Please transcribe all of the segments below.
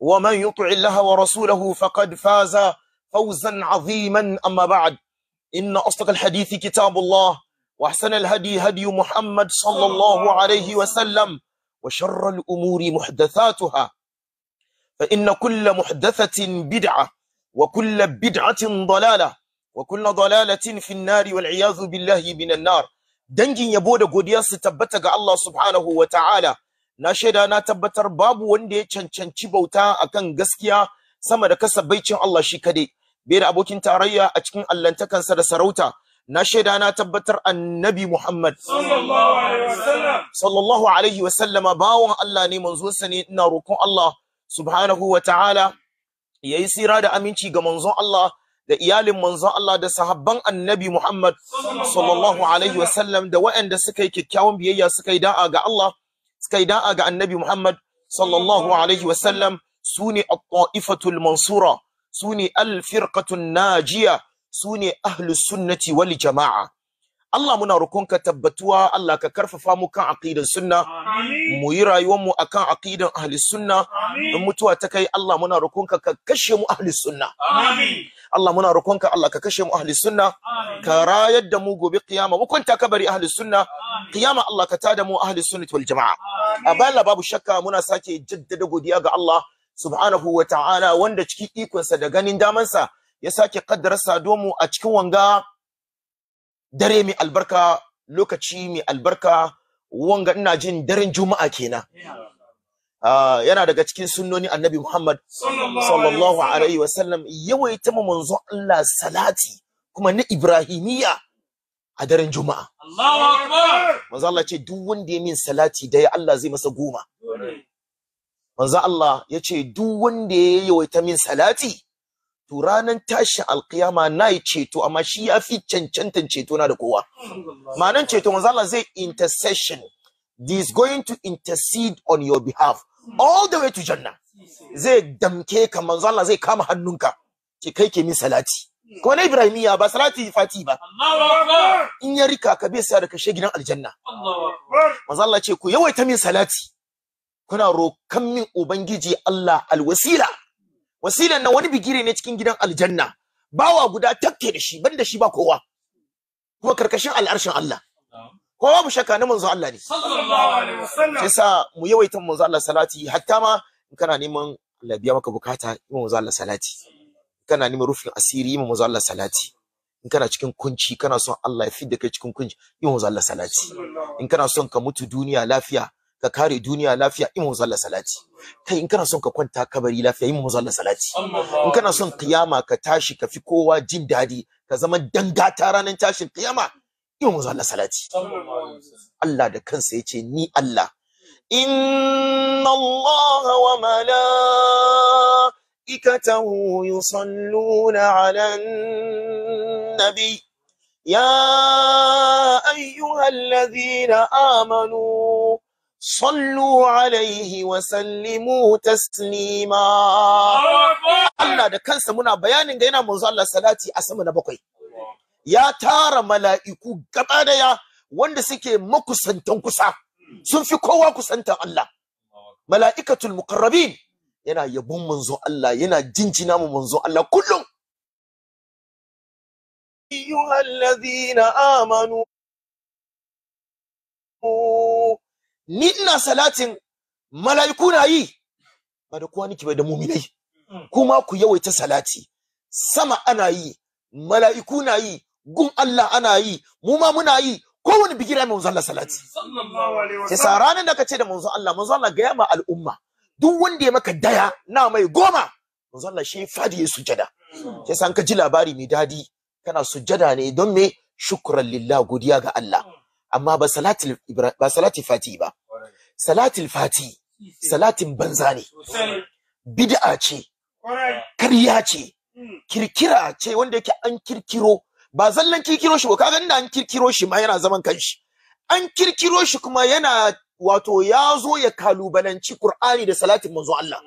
ومن يطع الله ورسوله فقد فاز فوزا عظيما أما بعد إن أصدق الحديث كتاب الله وأحسن الهدي هدي محمد صلى الله عليه وسلم وشر الأمور محدثاتها فإن كل محدثة بدعة وكل بدعة ضلالة وكل ضلالة في النار والعياذ بالله من النار دنجي يبود da godiya الله سبحانه وتعالى na shaida na tabbatar babu wanda ya cancanci bauta akan gaskiya sama da baicin Allah shi kade bai da abokin tarayya a cikin allantakansa da sarauta na shaida na tabbatar annabi Muhammad sallallahu alaihi wa sallama bawon Allah ne manzon sa ne ina roƙon Allah subhanahu wa ta'ala yayi sira da aminci ga manzon Allah da iyalin manzon Allah da sahabban annabi Muhammad sallallahu alaihi wa sallam da waɗanda suka yi kyakkyawan biyayya suka yi da'a ga Allah suka yi da'a ga annabi Muhammad sallallahu alaihi wasallam su ne at mansura su ne al-firqatun najiya su ne ahlus sunnati wal jama'a Allah muna rokonka tabbatuwa Allah ka karfafa mu kan aqidan sunna mu yi rayuwar mu akan aqidan ahli sunna in mutuwa ta kai Allah muna rokonka ka kashe mu ahli sunna Allah muna rokonka Allah ka kashe mu ahli sunna ka rayar da mu gobe kiyama mu kwanta kabari ahli sunna kiyama Allah ka tada mu ahli sunnati wal jamaa a babu shakka muna sake jaddada godiya ga Allah subhanahu wa ta'ala wanda cikin ikonsa da ganin damansa ya sake sa mu a cikin wanga dare mai albarka lokaci mai albarka wanga ina jin daren juma'a kenan ah, yana daga cikin sunnoni annabi Muhammad sallallahu alaihi wasallam yawaita mu manzo Allah salati kuma na Ibrahimiyya a daren juma'a manzo Allah ce duk wanda ya min salati da ya Allah zai masa goma manzo Allah ya ce duk wanda ya yawaita min salati to ranan tashi alkiyama na yi ceto amma shi ya fi cancantan ceto na da kowa Manan ceto manzo Allah zai intercession this going to intercede on your behalf all the way to janna zai damke ka manzo Allah zai kama hannunka ki kai ke min salati ko na ibrahimiya ba salati fati ba in ya rika ka bai sa da kashe gidan aljanna manzo Allah ce ku yawaita min salati kuna rokan min ubangiji Allah alwasila wasilan nan wani bigire ne cikin gidan aljanna bawa guda takke da shi banda shi ba kowa kuma karkashin al'arshin Allah kowa mu shakka na manzo Allah ne sallallahu alaihi yasa mu yawaita manzo Allah salati hatta ma kana neman labiya maka bukata yi manzo Allah salati kana neman rufin asiri yi manzo Allah salati in kana cikin kunci kana son Allah ya fidda kai cikin kunci yi manzo Allah salati in kana son ka mutu duniya lafiya ka kare duniya lafiya in manzo salati kai in kana son ka kwanta kabari lafiya in manzo salati in kana son kiyama ka tashi ka fi kowa jin dadi ka zama dangata ranar tashin kiyama In manzo salati Allah da kansa yace ni Allah inna Allah wa malaikatahu yusalluna ala nabi يا أيها الذين آمنوا sallu alaihi wa sallimu taslima Allah da kansa muna bayanin ga yana manzo Allah salati a sama na bakwai ya tara mala'iku gaba daya wanda suke makusantan kusa sun fi kowa kusantan Allah mala'ikatul muqarrabin yana yabon manzo Allah yana jinjina mu manzo Allah kullum ayyuhal amanu ni ina salatin mala'iku na yi ba da kowa niki bai da muminai mm. kuma ku yawaita salati sama ana yi mala'iku na yi gun Allah ana yi mu ma muna yi kowane bigira mai manzon Allah salati sai sa ranar da kace da manzon Allah manzon Allah gaya ma al'umma duk wanda ya maka daya na mai goma manzon Allah shi fadi ya sujada mm. sai san ka ji labari mai dadi kana sujada ne don me shukran lillah godiya ga Allah amma ba salatul ba fati ba salatul fati salatin banza ne bid'a ce karya ce kirkira ce wanda yake an kirkiro ba zallan kirkiro shi ba kaga inda an kirkiro shi ma yana zaman kanshi an kirkiro shi kuma yana wato ya zo ya kalubalanci Qur'ani da salatin manzo Allah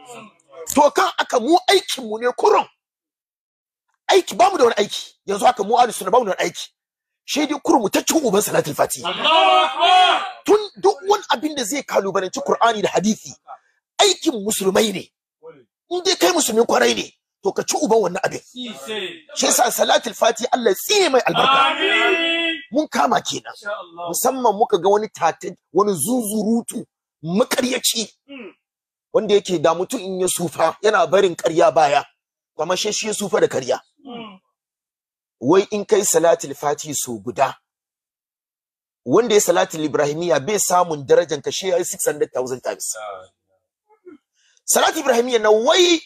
to kan aka mu aikin mu ne kurun aiki bamu da wani aiki yanzu haka mu ahlus sunna bamu da wani aiki shi dai kurmutaccen uban salatul fati tun duk wani abin da zai kalubalanci qur'ani da hadisi aikin musulmai ne in dai kai musulmin kwarai ne to ka ci uban wannan abin shi yasa salatul fati Allah tsiye mai albarka mun kama kenan musamman muka ga wani tatin wani zuzurutu makaryaci hmm. wanda yake da mutum in ya sufa yana barin karya baya kuma shi shi sufa da karya hmm. wai in kai salatul fati so guda wanda ya salatul ibrahimiya bai samun darajar kashe ya yi 600,000 times salatul ibrahimiya na wai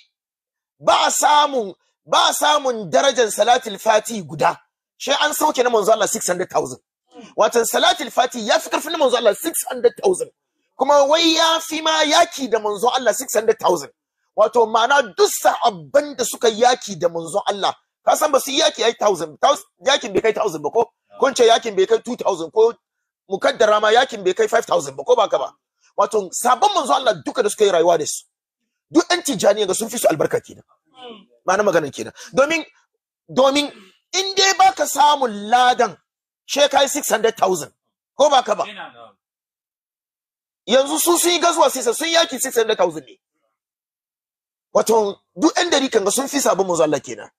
ba samun ba samun darajan salatul fati guda shi an sauke na manzo Allah 600,000 watan salatul fati ya fi karfin na manzo Allah 600,000 kuma wai ya fi ma yaki da manzo Allah 600,000 wato ma'ana duk sahabban da suka yaki da manzo Allah ka san ba su yi yaki ai 1000 yakin bai kai 1000 ba ko kun ce yakin bai kai 2000 ko mukaddara ma yakin bai kai 5000 ba ko ba ka ba wato sabon manzo Allah duka da suka yi rayuwa da su duk ɗan tijani ga sun fi su albarka kenan hmm. ma'ana maganar kenan domin domin in dai baka samun ladan she kai 600,000 ko ba ka ba yanzu su sun yi gazuwa sai sun yaki 600,000 ne wato duk ɗan dari kan ga sun fi sabon manzo Allah kenan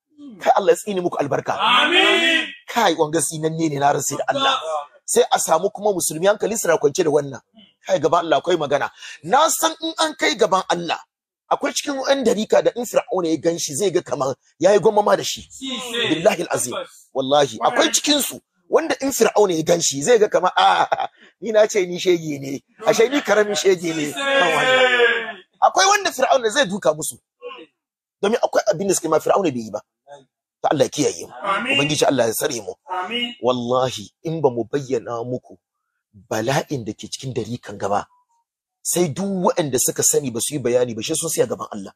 ka Allah tsini muku albarka amin kai wanga tsinanne ne na rasu da Allah sai a samu kuma musulmi hankali suna kwance da wannan kai gaban Allah akwai magana na san in an kai gaban Allah akwai cikin wani darika da in fir'auna ya ganshi zai ga kamar yayi gwamma da shi billahi alazim wallahi akwai cikin su wanda in fir'auna ya ganshi zai ga kamar a ah, ni na ce ni shege ne ashe ni karamin shege ne akwai wanda fir'auna zai duka musu domin akwai abin da suke ma fir'auna bai yi ba ta Allah kiyaye mu ubangiji Allah ya sare mu wallahi in ba mu bayyana muku bala'in da ke cikin dari kan gaba sai duk waɗanda suka sani ba su yi bayani ba shi sun siya gaban Allah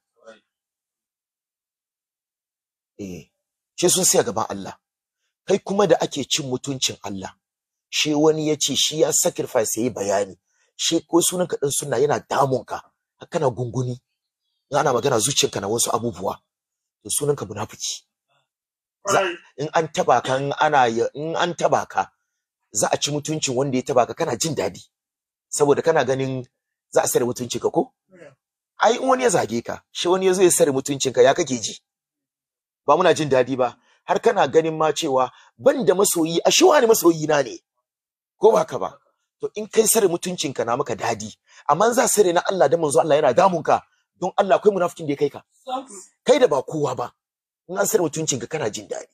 eh shi sun siya gaban Allah kai kuma da ake cin mutuncin Allah shi wani ya ce shi ya sacrifice yayi bayani shi ko sunan ka din yana damun ka na gunguni in ana magana zuciyarka na wasu abubuwa to sunanka munafiki in an taba ka ana in an taba ka za a ci mutuncin wanda ya taba ka kana jin daɗi saboda kana ganin za a sare mutuncin ka ko ai in wani ya zage ka shi wani yazo ya sare mutuncin ka ya kake ji ba muna jin daɗi ba har kana ganin ma cewa ban da masoyi a shi wani masoyi na ne ko ba ka ba to in kai sare mutuncin ka na maka daɗi amma za sare na Allah da manzo Allah yana damun ka don Allah akwai munafikin da ya kai ka kai da ba kowa ba in an sayar mutuncinka kana jin daɗi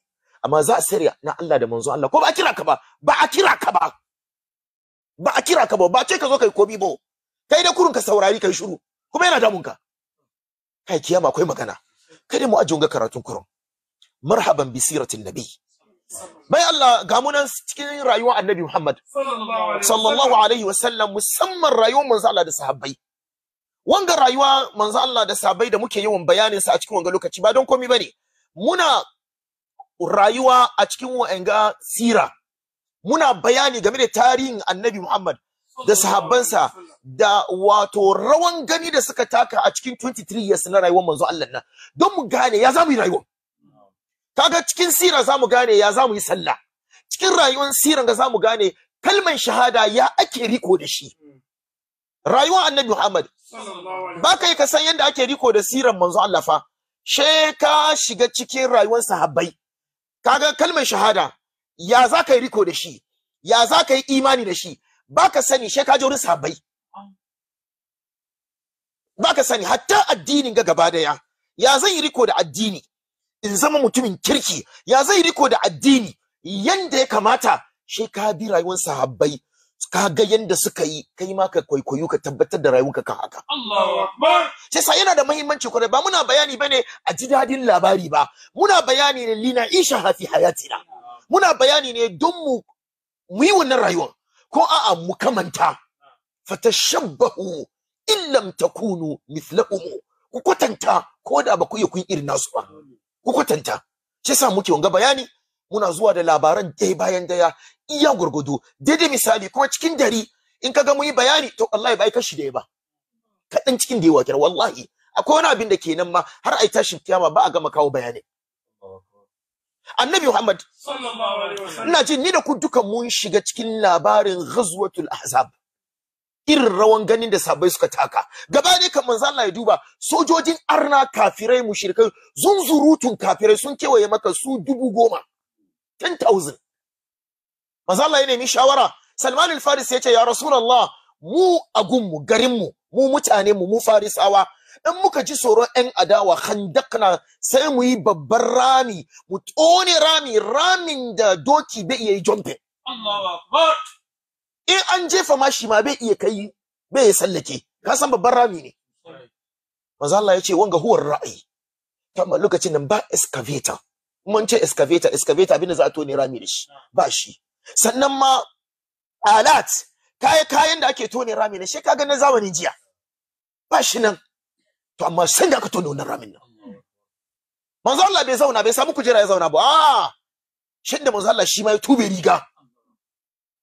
amma za a sayar na Allah da manzo Allah ko ba a kira ka ba ba a kira ka ba ba a kira ka ba ba ce ka zo kai komi ba kai da kurun ka saurari kai shiru kuma yana damun ka kai kiyama akwai magana da mu ajiye ga karatun kurun marhaban bi siratin nabi bai Allah ga nan cikin rayuwar annabi Muhammad sallallahu alaihi wasallam musamman rayuwar manzo Allah da sahabbai wanga rayuwa manzo Allah da sabai da muke yawan bayanin sa a cikin wanga lokaci ba don komai bane muna rayuwa a cikin wanga sira muna bayani game da tarihin Annabi Muhammad da sahabbansa da wato rawan gani da suka taka a cikin 23 years na rayuwar manzo Allah nan don mu gane ya zamu yi rayuwa kaga cikin sira zamu gane ya zamu yi sallah cikin rayuwar siran ga zamu gane kalman shahada ya ake riko da shi rayuwar Annabi Muhammad ba ka yi ka yadda ake riko da siran manzo Allah fa she ka shiga cikin rayuwar sahabbai kaga kalmar shahada ya za ka yi riko da shi ya za ka yi imani da shi ba ka sani she ka je sahabbai ba ka sani hatta addinin ga gaba daya ya zan yi riko da addini in zama mutumin kirki ya zan yi riko da addini Yadda ya kamata she ka bi rayuwar sahabbai ka ga yanda suka yi kai ma ka kwaikwayo ka tabbatar da rayuwarka kan haka Allahu akbar sa yana da muhimmanci kwarai ba muna bayani bane a ji dadin labari ba muna bayani ne lina isha hafi hayatina muna bayani ne don mu mu yi wannan rayuwar ko a'a mu kamanta fatashabbahu lam takunu mithlahum ku kwatanta ko da ba ku iya kun irin nasu ba ku kwatanta shi yasa muke wanga bayani muna zuwa da labaran ɗaya bayan daya iya gurgudu daidai misali kuma cikin dari in kaga mun yi bayani to wallahi bai kashi da ba kaɗan cikin da yawa wallahi akwai wani abin da ke nan ma har a yi tashin kiyama ba a gama kawo bayani annabi muhammad ina jin ni da ku duka mun shiga cikin labarin ghazwatul ahzab irin rawan ganin da sabai suka taka gaba ne kan manzo Allah ya duba sojojin arna kafirai mushrikai zunzurutun kafirai sun kewaye maka su dubu goma 10,000 maza Allah ya nemi shawara Salman al-Faris ya ce ya rasulallah mu a gunmu garinmu mu mutane mu mu farisawa in muka ji tsoron 'yan adawa handakna sai mu yi babban rami mu tone rami ramin da doki bai iya yi jumping in an jefa ma shi ma bai iya kai bai sallake ka san babban rami ne Maza Allah ya ce wanga huwar ra'ayi ta lokacin nan ba excavator mun ce excavator excavator abin da za a tone rami da shi ba shi sannan ma alat kayan kayan da ake tone rami na shi ga na zamanin jiya ba shi nan to amma san da aka tone wannan ramin nan manzo Allah bai zauna bai samu kujera ya zauna ba a shin da manzo Allah shi ma ya tube riga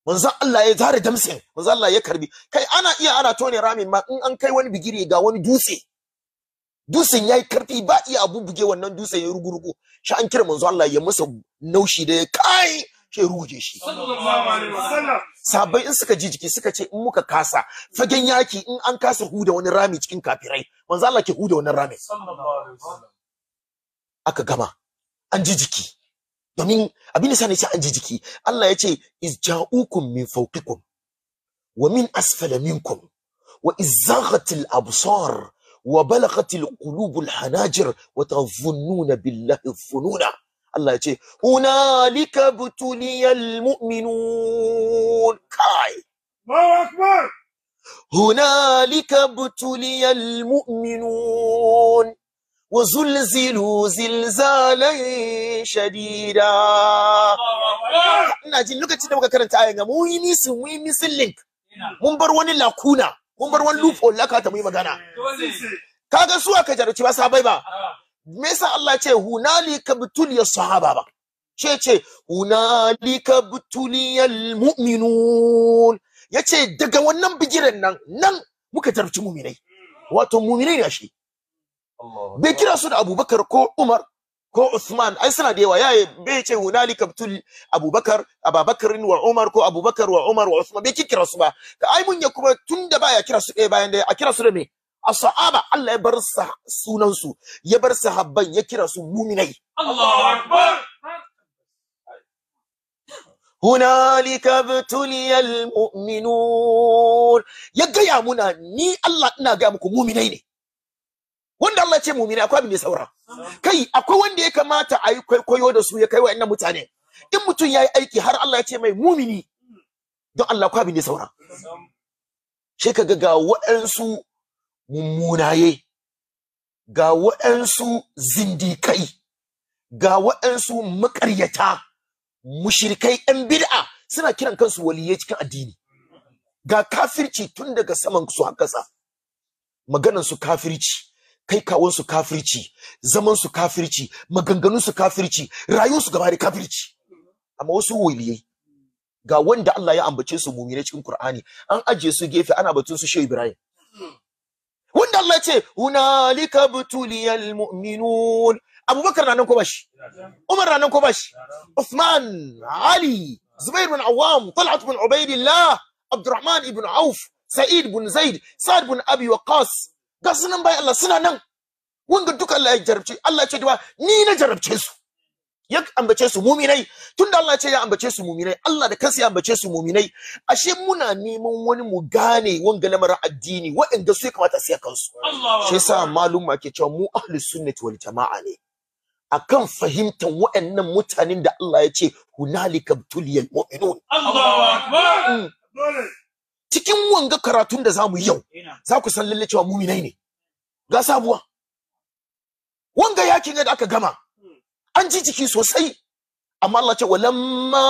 manzo Allah ya zare damse, manzo Allah ya karbi kai ana iya ana tone ramin ma in an kai wani bigire ga wani dutse dutsen yayi karfi ba iya abu buge wannan dutsen ya rugurugu shi an kira manzo Allah ya masa naushi da ya kai shi ruje shi sabai in suka ji jiki suka ce in muka kasa fagen yaki in an kasa huda wani rami cikin kafirai manzo Allah ke huda wannan rami aka gama an ji jiki domin abin da sani sai an ji jiki Allah ya ce iz ja'ukum min fawqikum wa min asfala minkum wa izzaghatil absar wa balagatil qulubul hanajir wa tazunnuna billahi fununa Allah ya ce hunalika butuliyal mu'minun kai Allahu akbar وزلزلوا زلزالا شديدا ina jin lokacin da muka karanta ayan ga mun yi misin mun yi misin link mun bar wani lakuna kun bar wani loophole laka ta muyi magana kaga su aka jarci ba bai ba me yasa Allah ce hunalika butuliyas sahaba ba ce ce hunalika butuliyal mu'minun yace daga wannan bigiran nan nan muka tarci muminai wato muminai ne shi bai kira su da Abubakar ko Umar ko Usman ai suna da yawa yaye bai ce hunalika tul Abubakar Ababakar wa Umar ko Abubakar wa Umar wa Usman bai kira su ba ai mun ya kuma tunda baya kira su ɗaya bayan ɗaya a kira su da me as-sahaba Allah ya bar sunan su ya bar sahabban ya kira su muminai Allahu akbar هنالك ابتلي المؤمنون يا جاي منا ني الله ina ga muku muminai ne wanda Allah ce mumini akwai abin da saura kai akwai wanda ya kamata a yi kwaikwayo da su ya kai wa'annan mutane in mutum ya yi aiki har Allah ya ce mai mumini don Allah akwai abin da saura sai ka ga waɗansu mummunaye ga waɗansu zindikai ga waɗansu maƙaryata, mushrikai ɗan bid'a suna kiran kansu waliyai cikin addini ga kafirci tun daga saman su har maganar su kafirci kai kawunsu kafirci zamansu kafirci maganganunsu kafirci rayuwarsu gaba da kafirci amma wasu waliyai ga wanda Allah ya ambace su mumine cikin Qur'ani an ajiye su gefe ana batun su Shehu Ibrahim wanda Allah ya ce hunalika butuliyal mu'minun Abubakar na nan ko bashi Umar na nan ko bashi Uthman Ali Zubair bin Awam Talhat bin Ubaidillah Abdurrahman ibn Auf Sa'id bin Zaid Sa'd bin Abi Waqqas ga su nan bai Allah suna nan ga duka Allah ya jarabce Allah ya ce ba ni na jarabce su ya ambace su muminai tunda Allah ya ce ya ambace su muminai Allah da kansa ya ambace su muminai ashe muna neman wani mu gane wanga lamarin addini waɗanda su ya kamata su ya kansu shi yasa malum ma ke cewa mu ahli sunnati wal jama'a ne akan fahimtar waɗannan mutanen da Allah ya ce hunalika btuliyal mu'minun Allahu akbar mm. cikin wanga karatun da zamu yi yau za ku san lalle cewa muminai ne ga sabuwa wanga yakin da aka gama hmm. an ji jiki sosai amma Allah ce walamma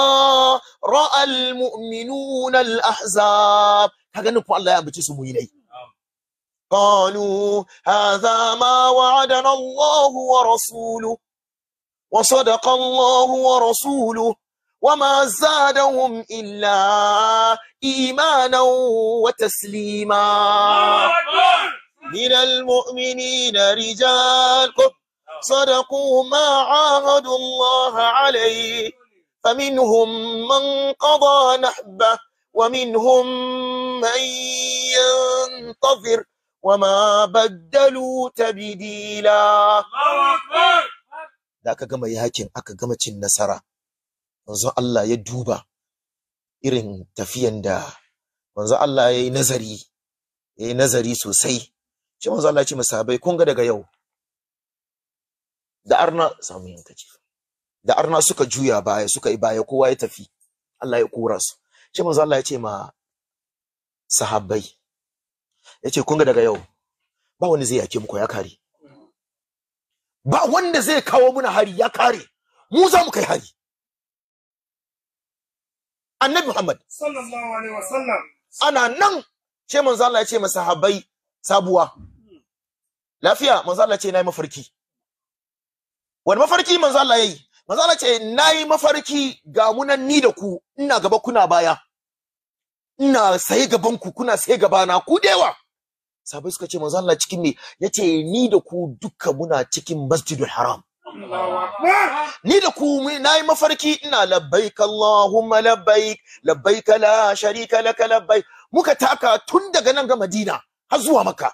ra'al mu'minuna al-ahzab kaga nufin Allah ya bace su muminai قالوا هذا ما وعدنا الله ورسوله وصدق الله ورسوله وما زادهم إلا إيمانا وتسليما من المؤمنين رجال صدقوا ما عاهدوا الله عليه فمنهم من قضى نحبه ومنهم من ينتظر وما بدلوا تبديلا الله أكبر da aka gama yakin aka gama cin nasara manzo Allah ya duba irin tafiyan da manzo Allah ya yi nazari ya yi nazari sosai shi manzo Allah ya ce masabai kun ga daga yau da arna samu yankaci da arna suka juya baya suka yi baya kowa ya tafi Allah ya kora su shi manzo Allah ya ce ma sahabbai ce kun ga daga yau ba wani zai yake muku ya kare ba wanda zai kawo muna hari ya kare mu za mu kai hari annabi Muhammad sallallahu alaihi wasallam ana nan ce manzo Allah ya ce masahabai sabuwa lafiya manzo Allah ya ce nayi mafarki wani mafarki manzo Allah yayi manzo Allah ya ce nayi mafarki ga munan ni da ku ina gaba kuna baya ina sai gaban ku kuna gaba na ku dewa sabai suka ce manzo Allah cikin ne yace ni da ku duka muna cikin masjidul haram ni da ku na yi mafarki ina labbaik Allahumma labbaik labbaik la sharika laka labbaik muka taka tun daga nan ga Madina har zuwa Makka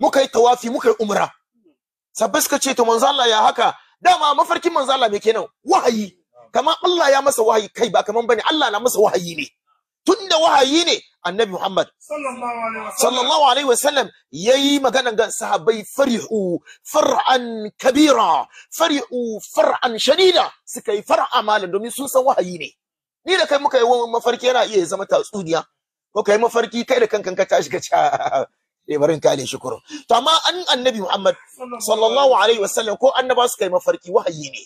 muka yi tawafi muka yi umra sabbai suka ce to manzo Allah ya haka dama mafarkin manzo Allah me kenan wahayi kamar Allah ya masa wahayi kai ba kaman bane Allah na masa wahayi ne tunda wahayi ne annabi Muhammad sallallahu alaihi wasallam yayi magana ga sahabbai farihu far'an kabira farihu far'an shadida suka yi far'a malam domin sun san wahayi ne ni da kai muka yi mafarki yana iya zama tatsuniya ko kai mafarki kai da kankan ka tashi ka ci ah, eh barin kale shi to amma an annabi Muhammad sallallahu alaihi wasallam ko annaba suka yi mafarki wahayi ne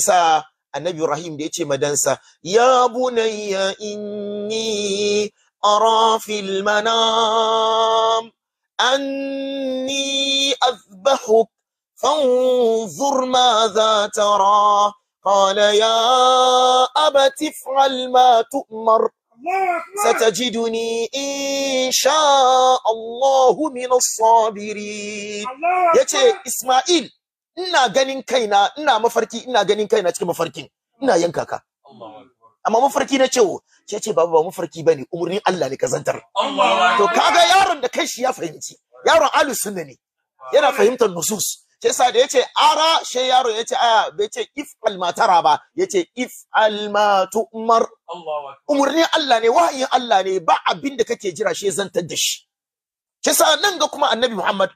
sa. النبي رحيم دي يتي مدنسا يا بني إني أرى في المنام أني أذبحك فانظر ماذا ترى قال يا أبت افعل ما تؤمر ستجدني إن شاء الله من الصابرين يتي إسماعيل ina ganin kaina ina mafarki ina ganin kaina cikin mafarkin ina yanka ka amma mafarki na cewa ke ce baba ba mafarki bane umurnin Allah ne kazantar to kaga yaron da kanshi ya fahimci yaron alu sunna ne yana fahimtar nusus ke sa da yace ara she yaro yace aya bai ce if almatara ba yace if almatumar umurnin Allah ne wahayin Allah ne ba abin da kake jira she zantar da shi kisa nan ga kuma annabi Muhammad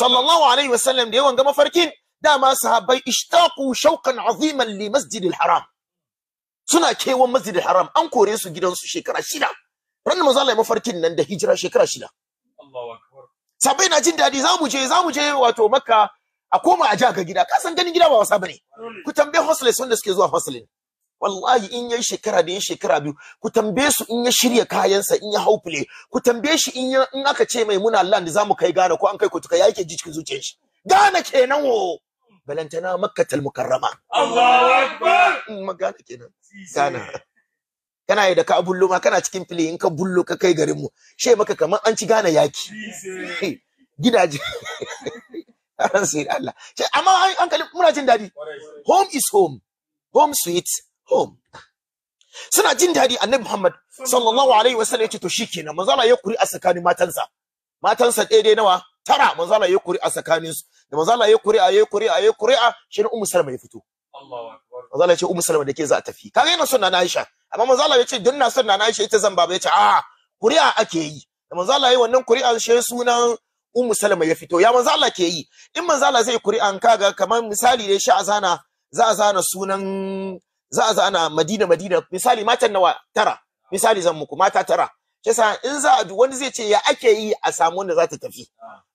sallallahu alaihi wasallam da yawan ga mafarkin dama sahabbai ishtaqu shauqan aziman li al haram suna kewan al haram an kore su gidansu shekara shida ranar manzo Allah mafarkin nan da hijira shekara shida sabai na jin dadi zamu je zamu je wato makka a koma a jaga gida ka san ganin gida ba wasa bane ku tambaye hostlers wanda suke zuwa hostlin wallahi in yayi shekara da yayi shekara biyu ku tambaye su in ya shirya kayansa in ya hau fule ku tambaye shi in in aka ce mai muna land zamu kai Ghana ko an kai kutuka ya yake ji cikin zuciyar shi Ghana kenan wo balantana makkatul mukarrama Allahu akbar mm, magana kenan Ghana kana yi da ka bullo ma kana cikin fili in ka bullo ka kai garin mu she maka kamar an ci Ghana yaki gidaje sai Allah amma an muna jin dadi home is home home sweet home suna jin daɗi annabi Muhammad sallallahu alaihi wasallam yace to shikenan manzo Allah ya kuri a tsakanin matansa matansa ɗaya dai nawa tara manzo Allah ya kuri a tsakanin su da manzo Allah ya kuri a ya kuri a ya kuri a shi Ummu Salma ya fito Allahu akbar manzo Allah ya ce Ummu Salma da ke za ta tafi kaga yana son na Aisha amma manzo Allah ya ce dan na son Aisha ita zan baba ya ce a kuri'a ake yi da manzo Allah ya wannan kuri'an shi sunan Ummu Salma ya fito ya manzo Allah ke yi in manzo Allah zai kuri'an kaga kamar misali da shi a za a zana sunan za a za ana madina madina misali matan nawa tara misali zan muku mata tara shi in za a wani zai ce ya ake yi a samu wanda za ta tafi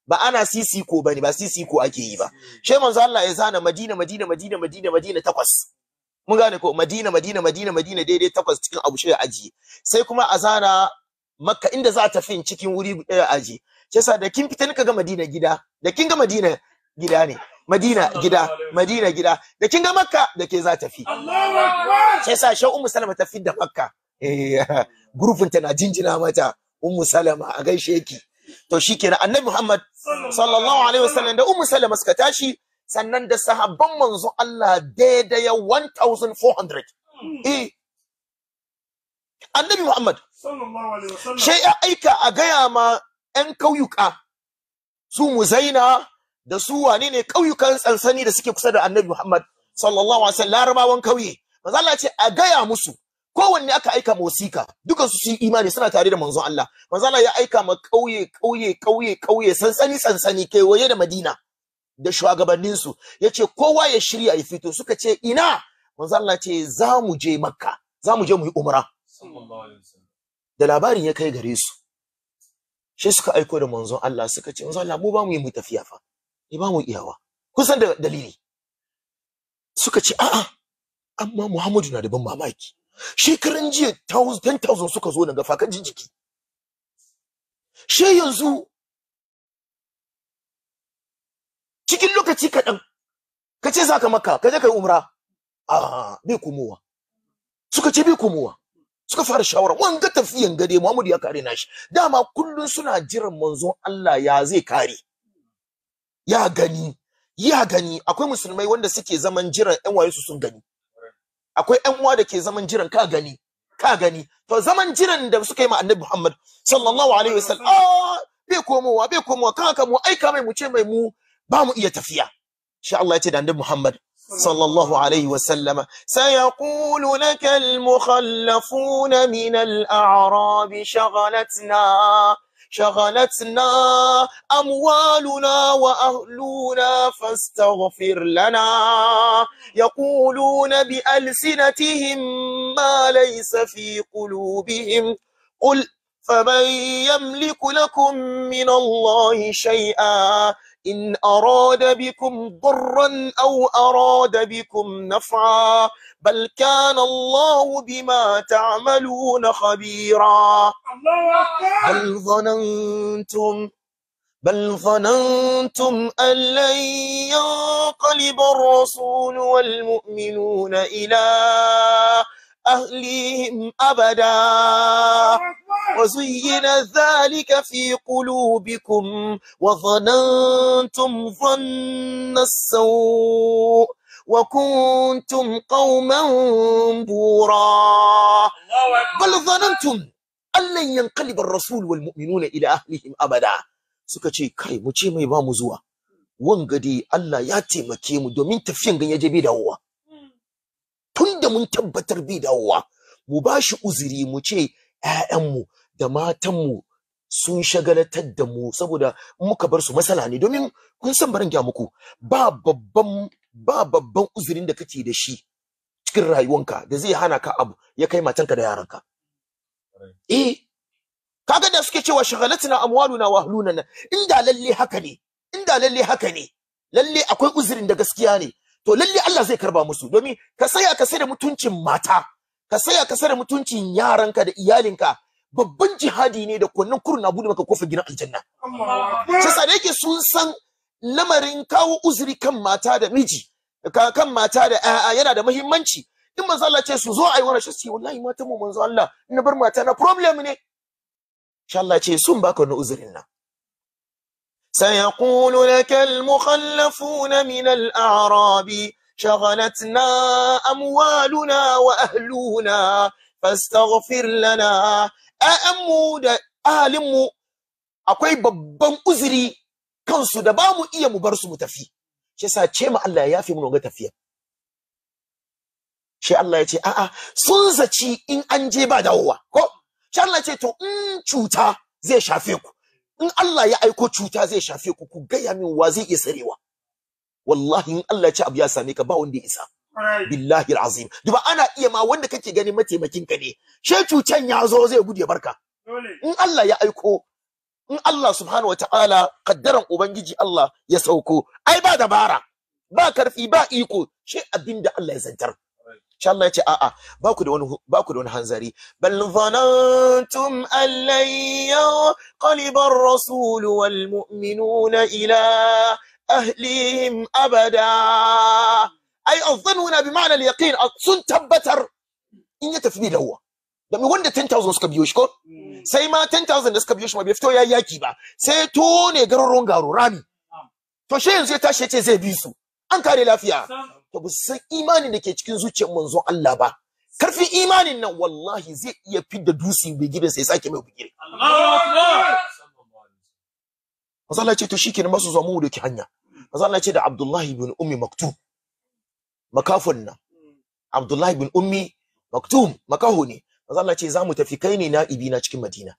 ba ana sisi ko bane ba sisi ko ake yi ba shi manzo Allah ya zana madina madina madina madina madina takwas mun gane ko madina madina madina madina daidai takwas cikin abu shi aji sai kuma a zana makka inda za a tafi cikin wuri eh, aji shi da kin fita ka ga madina gida da kin ga madina gida ne madina gida madina gida da kin ga makka da ke za ta fi Allahu akbar sai sa ummu salama ta fi da makka eh gurufin ta na jinjina mata ummu salama a gaishe ki to shikenan annabi muhammad sallallahu alaihi wasallam da ummu salama suka tashi sannan da sahabban manzo Allah daidaya 1400 hmm. eh annabi muhammad sallallahu alaihi wasallam sai ya aika a gaya ma 'yan kauyuka su muzaina da su wane ne ƙauyukan tsansani da suke kusa da annabi Muhammad sallallahu alaihi wasallam larabawan ƙauye manzo Allah ce a gaya musu kowanne aka aika ma dukan su sun imani suna tare da manzo Allah manzo Allah ya aika ma ƙauye ƙauye ƙauye ƙauye sansani sansani kai waye da Madina da shugabannin su yace kowa ya shirya ya fito suka ce ina manzo Allah ce za mu je Makka za mu je mu yi umra da labarin ya kai gare su shi suka aiko da manzon Allah suka ce manzon Allah mu ba mu yi mu tafiya fa ni iyawa kun san da dalili suka ce a'a amma Muhammadu na da ban mamaki shekaran jiya 10,000 suka zo daga fakan jijiki she yanzu cikin lokaci kaɗan ka ce za ka maka ka je ka yi umra a bai komowa suka ce bai komowa suka fara shawara wanga tafiyan gade Muhammadu ya kare nashi dama kullun suna jiran manzon Allah ya zai kare ya gani ya gani akwai musulmai wanda suke zaman jiran ƴan wayensu sun gani akwai ƴan uwa da ke zaman jiran ka gani ka gani to zaman jiran da suka yi ma annabi Muhammad sallallahu alaihi wasallam ah bai komowa bai komowa kaka mu aika mai mu ce mai mu ba mu iya tafiya insha Allah ya ce da annabi Muhammad صلى الله عليه وسلم سيقول لك المخلفون من الأعراب شغلتنا شغلتنا أموالنا وأهلنا فاستغفر لنا يقولون بألسنتهم ما ليس في قلوبهم قل فمن يملك لكم من الله شيئا إن أراد بكم ضرا أو أراد بكم نفعا بل كان الله بما تعملون خبيرا بل ظننتم بل ظننتم أن لن ينقلب الرسول والمؤمنون إلى أهليهم أبدا وزين ذلك في قلوبكم وظننتم ظن السوء وكنتم قوما بورا بل ظننتم أن لن ينقلب الرسول والمؤمنون إلى أهلهم أبدا سكتشي كاي مجي ما يبامو زوا wanga dai Allah ya taimake mu domin tafiyan gan ya je bai dawowa tun da mun tabbatar bi dawowa mu ba shi uzuri mu ce ‘ya'yanmu da matanmu sun shagalatar da mu saboda muka bar su matsala ne domin kun san barin gya muku ba babban ba babban uzurin da kake da shi cikin rayuwanka da zai hana ka abu ya kai matanka da yaranka eh kaga da suke cewa shagalatina amwaluna wa ahluna inda lalle haka ne inda lalle haka ne lalle akwai uzurin da gaskiya ne to lalle Allah zai karba musu domin ka saya ka da mutuncin mata ka saya ka da mutuncin yaranka da iyalinka babban jihadi ne da kunnan kurun na bude maka kofar gidan aljanna sai sa yake sun san lamarin kawo uzuri kan mata da miji kan mata da a'a yana da muhimmanci in manzo Allah ce su zo ayi wannan shi wallahi mata mu manzo Allah na bar mata na problem ne insha Allah ce sun baka wani uzurin nan سيقول لك المخلفون من الأعراب شغلتنا أموالنا وأهلنا فاستغفر لنا أأمو دا آلمو أكوي ببام أزري كنسو دبامو إيا مبارس متفي شي سا چي ما الله يافي منو غتفي شي الله يتي آآ سنسا چي إن أنجي بادا هو شي الله يتي تو إن چوتا زي شافيكو in Allah ya aiko cuta zai shafe ku ku gaya min wa zai iya sarewa wallahi in Allah ya ci abu ya same ka ba wanda ya isa billahi alazim duba ana iya ma wanda kake gani mataimakin ka ne she cutan ya zo zai gude barka in Allah ya aiko in Allah subhanahu wataala kaddaran ubangiji Allah ya sauko ai ba dabara ba karfi ba iko she abinda Allah ya zantar insha Allah yace a'a ba ku da wani ba ku da wani hanzari bal zanantum an lan yaqliba ar-rasul wal mu'minuna ila ahlihim abada ai azzanuna bi ma'na al-yaqin sun tabbatar in ya tafi da huwa da mai wanda 10000 suka biyo shi ko hmm. sai ma 10000 da suka biyo shi ma bai fito ya yaki ba sai to ne garuruwan garo rami to shi yanzu ya tashi ya ce zai bi su an kare lafiya to ba san imanin da ke cikin zuciyar manzon Allah ba karfin imanin nan wallahi zai iya fidda dusi bai gidan sai sake mai bugire Allahu akbar ce to shikenan ba su zo mu da ki hanya Allah ce da Abdullahi bin Ummi Maktum makafun nan Abdullahi bin Ummi Maktum makaho ne Allah ce za mu tafi kai ne na ibi na cikin Madina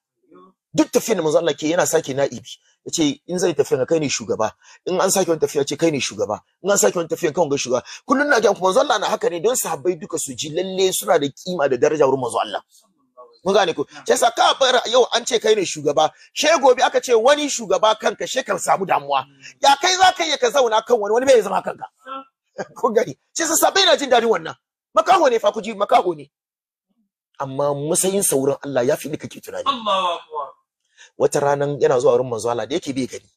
duk tafiyar da manzo Allah ke yana sake na'ibi yace in zai tafiya kai ne shugaba in an sake wani tafiya ce kai ne shugaba in an sake wani tafiya kan ga shugaba kullun na ga kuma manzo Allah na haka ne don sahabbai duka su ji lalle suna da kima da daraja wurin manzo Allah mun gane ko sai sa ka bar yau an ce kai ne shugaba she gobe aka ce wani shugaba kanka she kan samu damuwa ya kai za ka iya ka zauna kan wani wani bai zama kanka Ko gani sai sa sabai na jin dadin wannan makaho ne fa ku ji makaho ne amma musayin sauran Allah ya fi duka ke tunani Allahu akbar wata rana yana zuwa wurin manzo Allah da yake bai gani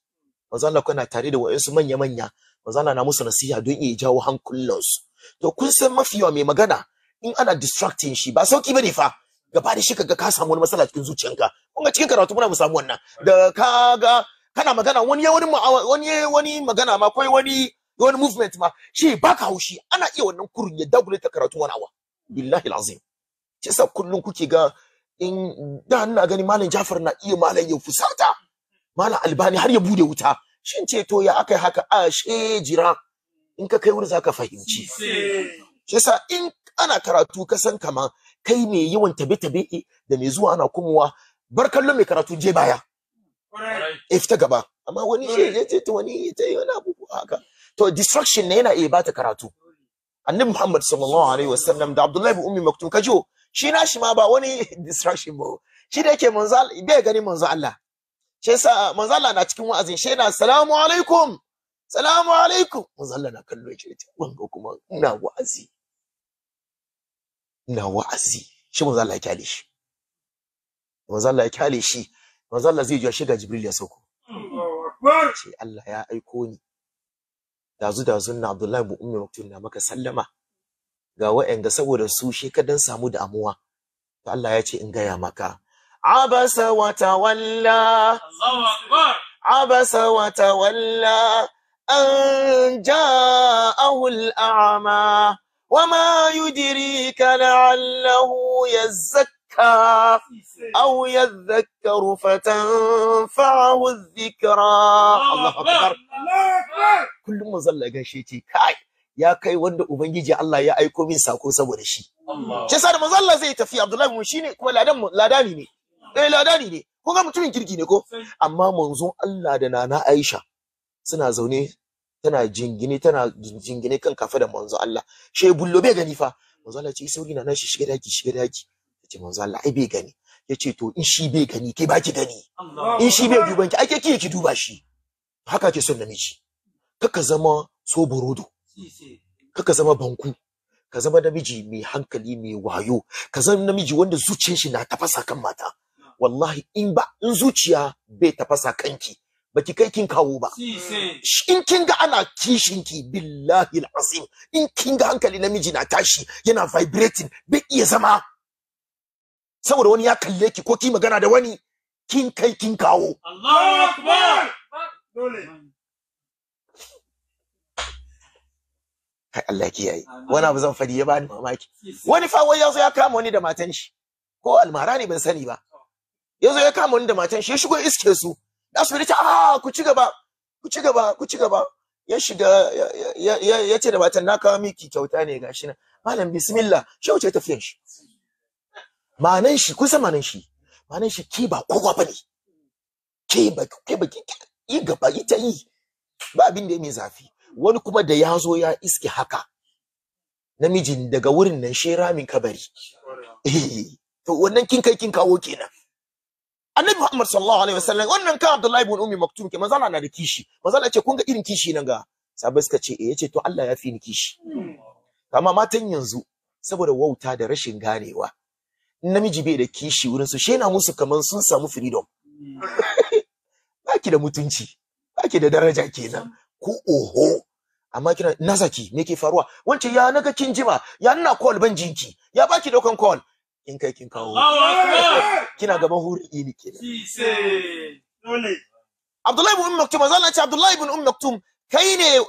manzo Allah tare da wayansu manya manya manzo Allah na musu nasiha don ya jawo hankulansu to kun san mafi mai magana in ana distracting shi ba sauki bane fa gaba da shi kaga ka samu wani matsala cikin zuciyanka kun ga cikin karatu muna samu wannan da kaga kana magana wani ya wani wani wani magana ma kai wani wani movement ma shi baka haushi ana iya wannan kurin ya dagule ta karatu wani awa billahi alazim kisa kullun kuke ga in da ina gani malam Jafar na iya malam ya fusata malam Albani har ya bude wuta shin ce to ya akai haka a she jira in ka kai wurin zaka fahimci yasa in ana karatu ka san kaman kai mai yawan tabe-tabe eh, da mai zuwa ana kumuwa bar mai karatu je baya e fita gaba amma wani shi ya ce to wani ya ce wani abu haka to destruction ne yana iya bata karatu annabi Muhammad sallallahu alaihi wasallam da Abdullahi ibn Ummi Maktum kajo shi na shi ma ba wani distraction ba shi da yake da ya gani manzo Allah shi yasa manzo Allah na cikin wa'azin shi na assalamu alaikum assalamu alaikum manzo Allah na kallo shi wanga kuma ina wa'azi ina wa'azi shi manzo Allah ya kyale shi manzo Allah ya kyale shi manzo Allah zai jiya shiga Jibril ya sauko Allah ya aiko ni dazu dazun na Abdullahi bin Ummi Maktum na maka sallama ga waɗanda saboda su shi ka dan samu damuwa to Allah ya ce in gaya maka abasa wa tawalla Allahu akbar abasa wa tawalla an ja'ahu al'ama wa ma yudrika la'allahu yazakka aw yadhakkaru fatanfa'ahu adh-dhikra Allahu akbar kullum zalla ga shi ce kai ya kai wanda ubangiji Allah ya aiko min sako saboda shi shi sa da manzo Allah zai tafi Abdullahi mun shine kuma ladan ladani ne eh ladani ne ko ga mutumin kirki ne ko amma manzon Allah da nana Aisha suna zaune tana jingine tana jingine kan kafa da manzo Allah she bullo bai gani fa manzo Allah ce sauri nana shi shiga daki shiga daki ce manzo Allah ai bai gani yace to in shi bai gani kai baki gani in shi bai duban ki ake ki ki duba shi haka ke son namiji kaka zama so burudu kaka zama banku ka zama namiji mai hankali mai wayo ka zama namiji wanda zuciyar shi na tafasa kan mata wallahi in ba in zuciya bai tafasa kanki baki kai kin kawo ba in kin ga ana kishin ki billahi alazim in kin ga hankali namiji na tashi yana vibrating bai iya zama saboda wani ya kalle ki ko ki magana da wani kin kai kin kawo Allahu akbar dole kai Allah kiyaye wani abu zan fadi ya bani mamaki wani fa wai yazo ya kama wani da matan shi ko almara ne ban sani ba yazo ya kama wani da matan shi ya shigo iske su da su rita ah ku ci gaba ku ci gaba ku ci gaba ya shiga ya ce da matan na kawo miki kyauta ne gashi nan malam bismillah shi wuce tafiyan shi manan shi kusa manan shi manan shi ki ba kowa bane ki ba ki ba ki yi gaba yi yi ba abin da ya mai zafi wani kuma da ya zo ya iske haka namijin daga wurin nan she ramin kabari eh, to wannan kin kai kin kawo kenan annabi Muhammad sallallahu alaihi wasallam wannan kan Abdullahi ibn Ummi Maktum ke manzala na da kishi manzala ce kun ga irin kishi nan ga sabai suka ce eh yace to Allah ya fi ni kishi Kama matan yanzu saboda wauta da rashin ganewa namiji bai da kishi wurin su shena musu kaman sun samu freedom baki da mutunci baki da daraja kenan ku oho amma kina na me ke faruwa wance ya naga kin jima ya ina call ban jinki ya baki daukan call in kai kin kawo kina gaban huri ini ke dole Abdullahi ibn umm Maktum zan ce Abdullahi ibn Umm Maktum kai ne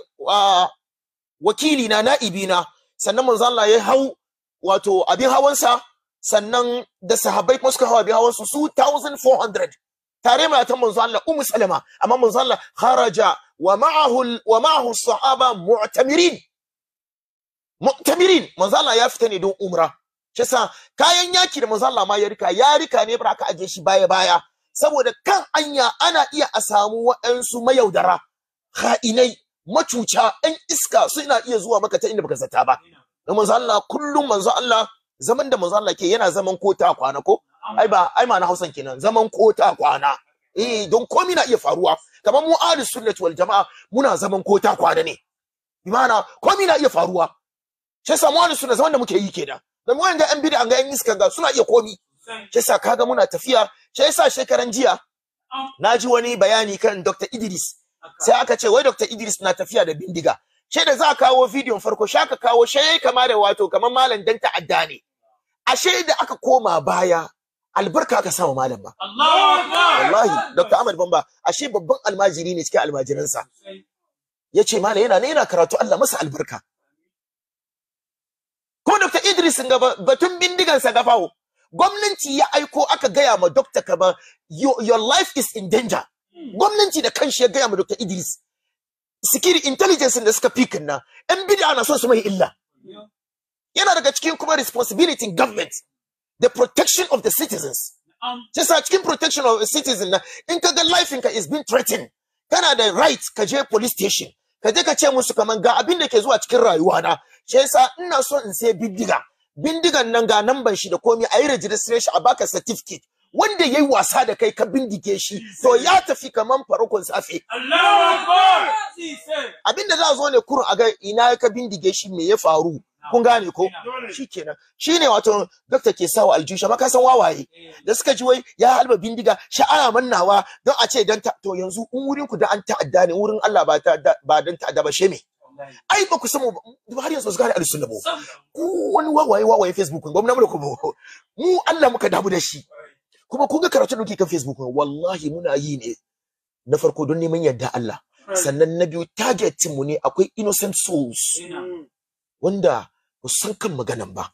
wakili na na'ibi na sannan manzo Allah ya hau wato abin hawan sa, sannan da sahabbai kuma suka hau abin hawan su 1400 tare mai ta manzo Allah Ummu Salama amma manzo Allah kharaja ومعه ومعه الصحابه معتمرين mu'tamirin ya fita ne don umra shi kayan yaki da manzo ma ya rika ya rika ne bara ka aje shi baya baya saboda kan anya ana iya a samu waɗansu mayaudara ha'inai macuca ɗan iska suna iya zuwa maka ta inda baka zata ba da manzo kullum manzo zaman da manzo ke yana zaman kota kwana ko ai ma na Hausan kenan zaman kota kwana eh don komai na iya faruwa kamar mu ahlus sunnati wal jamaa muna zaman ko ta kwana ne imana komai na iya faruwa shi sa mu ahlus sunna zaman da muke yi kenan da mu ga yan bid'a ga yan iska ga suna iya komi shi kaga muna tafiya shi sa shekaran jiya naji wani bayani kan Dr Idris sai aka ce wai Dr Idris na tafiya da bindiga shi da za kawo bidiyon farko sha ka kawo shi kamar kama da wato kamar malam dan ta'adda ne ashe da aka koma baya albarka aka sa wa malam ba wallahi dr ahmad bamba ashe babban almajiri ne cikin almajiransa ya ce malam yana ne yana karatu allah masa albarka ko dr idris ga batun ga gafawo gwamnati ya aiko aka gaya ma Dr. kaba your life is in danger gwamnati da kanshi ya gaya ma Dr. idris security intelligence da suka fikin na yan bid'a na son su mai illa yana daga cikin kuma responsibility government the protection of the citizens um, just cikin protection of a citizen uh, na in ka ga life ka is being threatened kana da right ka je police station ka je ka ce musu kaman ga abin da ke zuwa cikin rayuwa na sai ina so in sai bindiga bindigan nan ga number shi da komai ayi registration a baka certificate wanda yayi wasa da kai ka bindige shi to ya tafi kaman farkon safe Allahu akbar abin da za zo ne kurun a ga ina ka bindige shi me ya faru kun gane ko shikenan shine wato dokta ke sawa aljusha ma ka san wawaye eh. da suka ji wai ya halba bindiga sha'ara mannawa don a ce dan to yanzu in wurin ku da an ta'adda ne wurin Allah ba ta ba dan ta'adda ba sheme ai ba ku samu har yanzu su gane alisun bo ku wani wawaye wawaye facebook kun gwamnati ku mu Allah muka damu da shi kuma kun ga karatu duki kan facebook wallahi muna yi ne na farko don neman yadda Allah sannan na biyu targetin mu ne akwai innocent souls wanda ba san kan maganan ba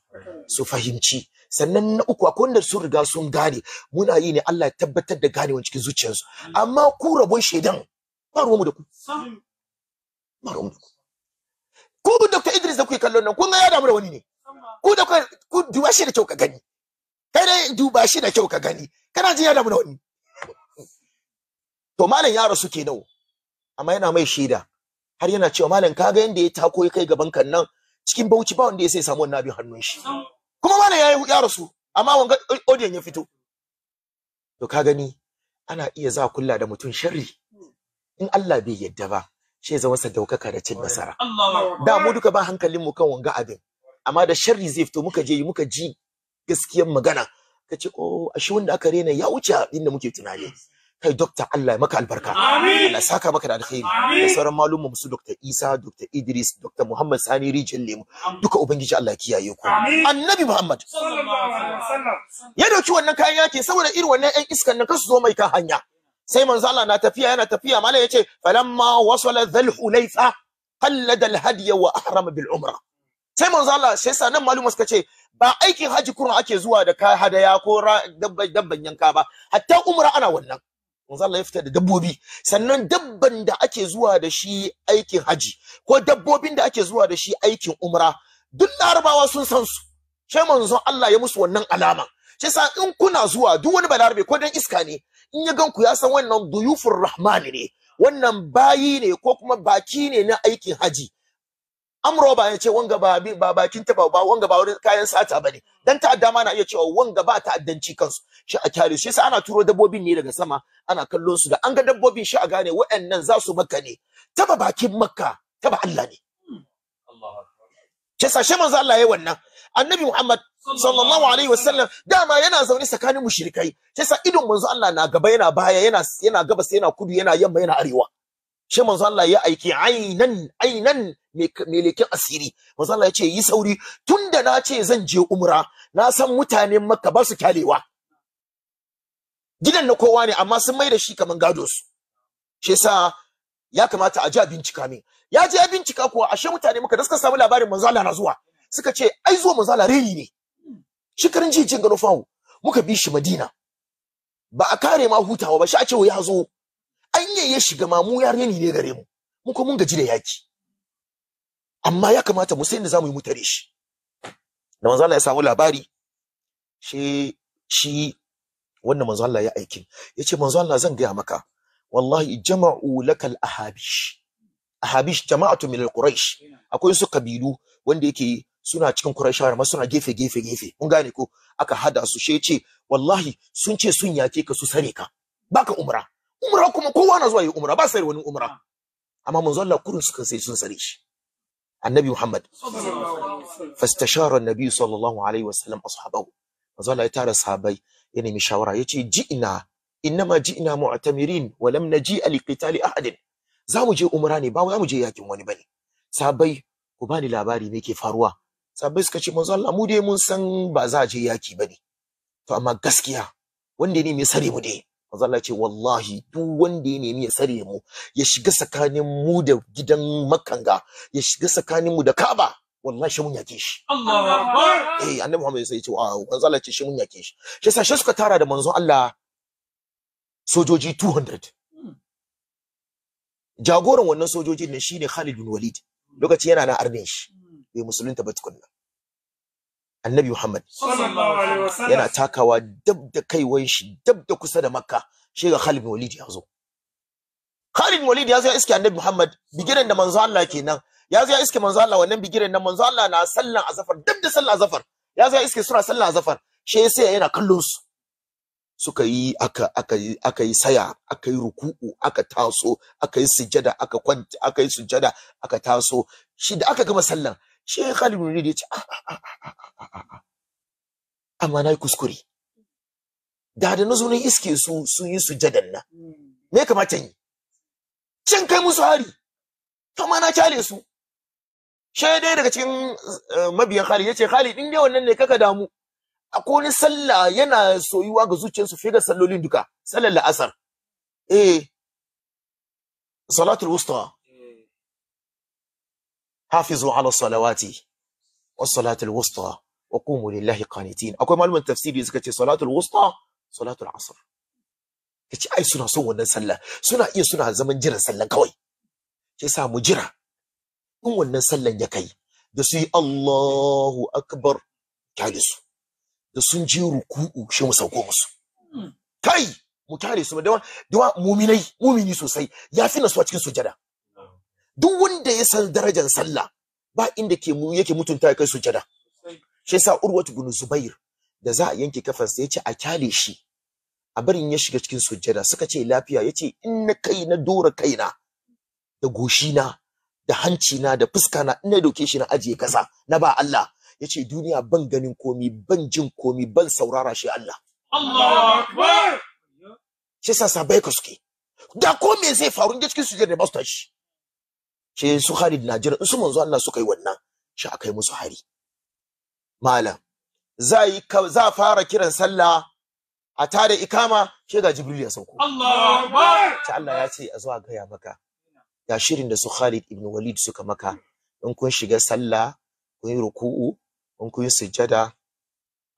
su fahimci sannan na uku akwai wanda sun riga sun gane muna yi ne Allah ya tabbatar da ganewan cikin zuciyarsu amma ku rabon shaidan ba ruwanmu da ku ba ruwanmu da ku ku Dr. Idris da kuke kallon nan kun ga ya damu da wani ne ku da ku duba shi da kyau ka gani kai dai duba shi da kyau ka gani kana jin ya damu da wani to malam ya rasu nawa? amma yana mai shaida har yana cewa malam kaga yanda ya tako ya kai gaban kan nan cikin bauchi ba wanda ya sai samu wannan abin hannun shi kuma mana yayi ya rasu amma wanga odiyon ya fito to ka gani ana iya za kulla da mutum sharri in Allah bai yadda ba shi zama wasa daukaka da cin nasara da mu duka ba hankalin mu kan wanga abin amma da sharri zai fito muka je muka ji gaskiyar magana kace oh ashe wanda aka rena ya wuce inda muke tunani kai dokta Allah ya maka albarka Allah saka maka da alkhairi da sauran malumma musu Dr. Isa Dr. Idris Dr. Muhammad Sani Rijin Lemu duka ubangiji Allah ya kiyaye ku annabi Muhammad ya dauki wannan kayan yake saboda irin wannan ƴan iskan nan su zo mai kan hanya sai manzo Allah na tafiya yana tafiya malai yace falamma wasala dhul hulaifa qallada alhadiya wa ahrama bil umra sai manzo Allah sai sa nan malumma suka ce ba aikin haji kurun ake zuwa da hadaya ko dabban yanka ba hatta umra ana wannan manzo Allah ya fita da dabbobi sannan dabban da ake zuwa da shi aikin haji ko dabbobin da ake zuwa da shi aikin umra duk larabawa sun san su sai manzon Allah ya musu wannan alama sai sa in kuna zuwa duk wani balarabe ko dan iska ne in ya ganku ya san wannan duyufur rahmani ne wannan bayi ne ko kuma baki ne na aikin haji amro ba ya ce wanga ba ba bakin ta ba wanga ba wurin kayan sata bane dan ta'adda ma na iya cewa wanga ba ta'addanci kansu shi a kyare shi yasa ana turo dabbobin ne daga sama ana kallon su da an ga dabbobin shi a gane waɗannan za su makka ne taba bakin makka taba Allah ne shi yasa manzo Allah yayi wannan annabi Muhammad sallallahu alaihi wasallam dama yana zaune tsakanin mushrikai shi yasa idon manzo Allah na gaba yana baya yana yana gabas yana kudu yana yamma yana arewa shi manzo Allah ya aiki ainan ainan me leken asiri manzo Allah ya ce yi sauri tunda na ce zan je umra na san mutanen Makka ba su kyalewa gidan na kowa ne amma sun mai da shi kaman gado su shi yasa ya kamata a ji a bincika min ya je bincika kuwa ashe mutane muka da suka samu labarin manzo Allah na zuwa suka ce ai zuwa manzo Allah reni ne karin jijin gano fawo muka bi shi Madina ba a kare ma hutawa ba shi a ce ya zo anya ya shiga ma mu yar ne gare mu mu ko mun gaji da yaki amma ya kamata mu sai da zamu yi mu tare shi da manzo Allah ya samu labari shi shi wannan manzo Allah ya aikin yace manzo Allah zan gaya maka wallahi jama'u lakal ahabish ahabish jama'atu min alquraish akwai su kabilu wanda yake suna cikin quraish ma suna gefe gefe gefe mun gane ko aka hada su she yace wallahi sun ce sun yake ka su sare ka baka umra umra kuma kowa na zuwa yi umra ba sai wani umra amma manzo Allah kurin suka sai sun sare shi annabi Muhammad fastashara annabi sallallahu alaihi wasallam ashabahu manzo Allah ya tara sahabbai ya nemi shawara yace ji'ina innama ji'ina mu'tamirin wa lam naji'a liqitali ahadin za mu je umra ne ba za mu je yakin wani bane sahabbai ku bani labari me ke faruwa sahabbai suka ce manzo Allah mu dai mun san ba za a je yaki bane to amma gaskiya wanda ne mai sare mu dai manzo Allah ce wallahi duk wanda ya nemi ya sare mu ya shiga tsakanin mu da gidan makanga ya shiga tsakanin mu da Ka'aba wallahi shi mun yake shi Allahu Akbar eh annabi Muhammad sai ya ce wa manzo Allah ce shi mun yake shi shi yasa shi suka tara da manzo Allah sojoji 200 jagoran wannan sojoji ne shine Khalid bin Walid lokaci yana na arnin shi bai musulunta ba tukunna annabi Muhammad yana takawa dab da kaiwan shi dab da kusa da makka shi ga Khalid Walid ya zo Khalid Walid ya zo ya iske annabi Muhammad bigiran da manzo Allah kenan ya zo ya iske manzo Allah wannan bigiran na manzo Allah na sallan azafar dab da sallan azafar ya zo ya iske sura sallan azafar shi sai yana kallon su suka yi aka aka aka yi saya aka yi ruku'u aka taso aka yi sujada aka kwanta aka yi sujada aka taso shi da aka gama sallan shi Khalid bin Walid ya ce ah, ah, ah, amma na yi kuskure da da nazo ne iske su sun yi sujadan na me kamata yi can kai musu hari to ma na kyale su she dai daga cikin eh, mabiyan Khalid yace Khalid din dai wannan ne kaka damu akwai wani sallah yana soyuwa ga zuciyarsu fiye da sallolin duka sallar la'asar eh salatul wusta hafizu ala salawati wa salatul wusta wa qumu lillahi qanitin akwai malaman tafsiri suka ce salatul wusta salatul asr kace ai suna son wannan sallah suna iya suna zaman jiran sallan kawai sai sa mu jira in wannan sallan ya kai da su yi Allahu akbar kyale su da sun ji ruku'u shi mu sauko musu kai mu kyale su da wa muminai mumini sosai ya fi nasuwa cikin sujada duk wanda ya san darajar sallah ba inda ke mu yake mutunta kai sujada shi yasa urwatu bin zubair da za a yanke sa yace a kyale shi a barin ya shiga cikin sujada suka ce lafiya yace inna kai na dora kaina da goshi na, da hanci na, da fuska na, inna doke shi na ajiye kasa na ba Allah yace duniya ban ganin komi ban jin komi ban saurara shi Allah Allahu akbar shi yasa sabai ka suke da ko me zai faru cikin sujada ba su tashi ce su Khalid in su manzo Allah suka yi wannan shi akai musu hari malam za za fara kiran sallah a tare ikama shi ga Jibril ya sauko Allahu Akbar Allah ya ce a zo zuwa gaya maka ga shirin da su Khalid ibn Walid suka maka in kun shiga sallah kun yi ruku'u in kun yi sujjada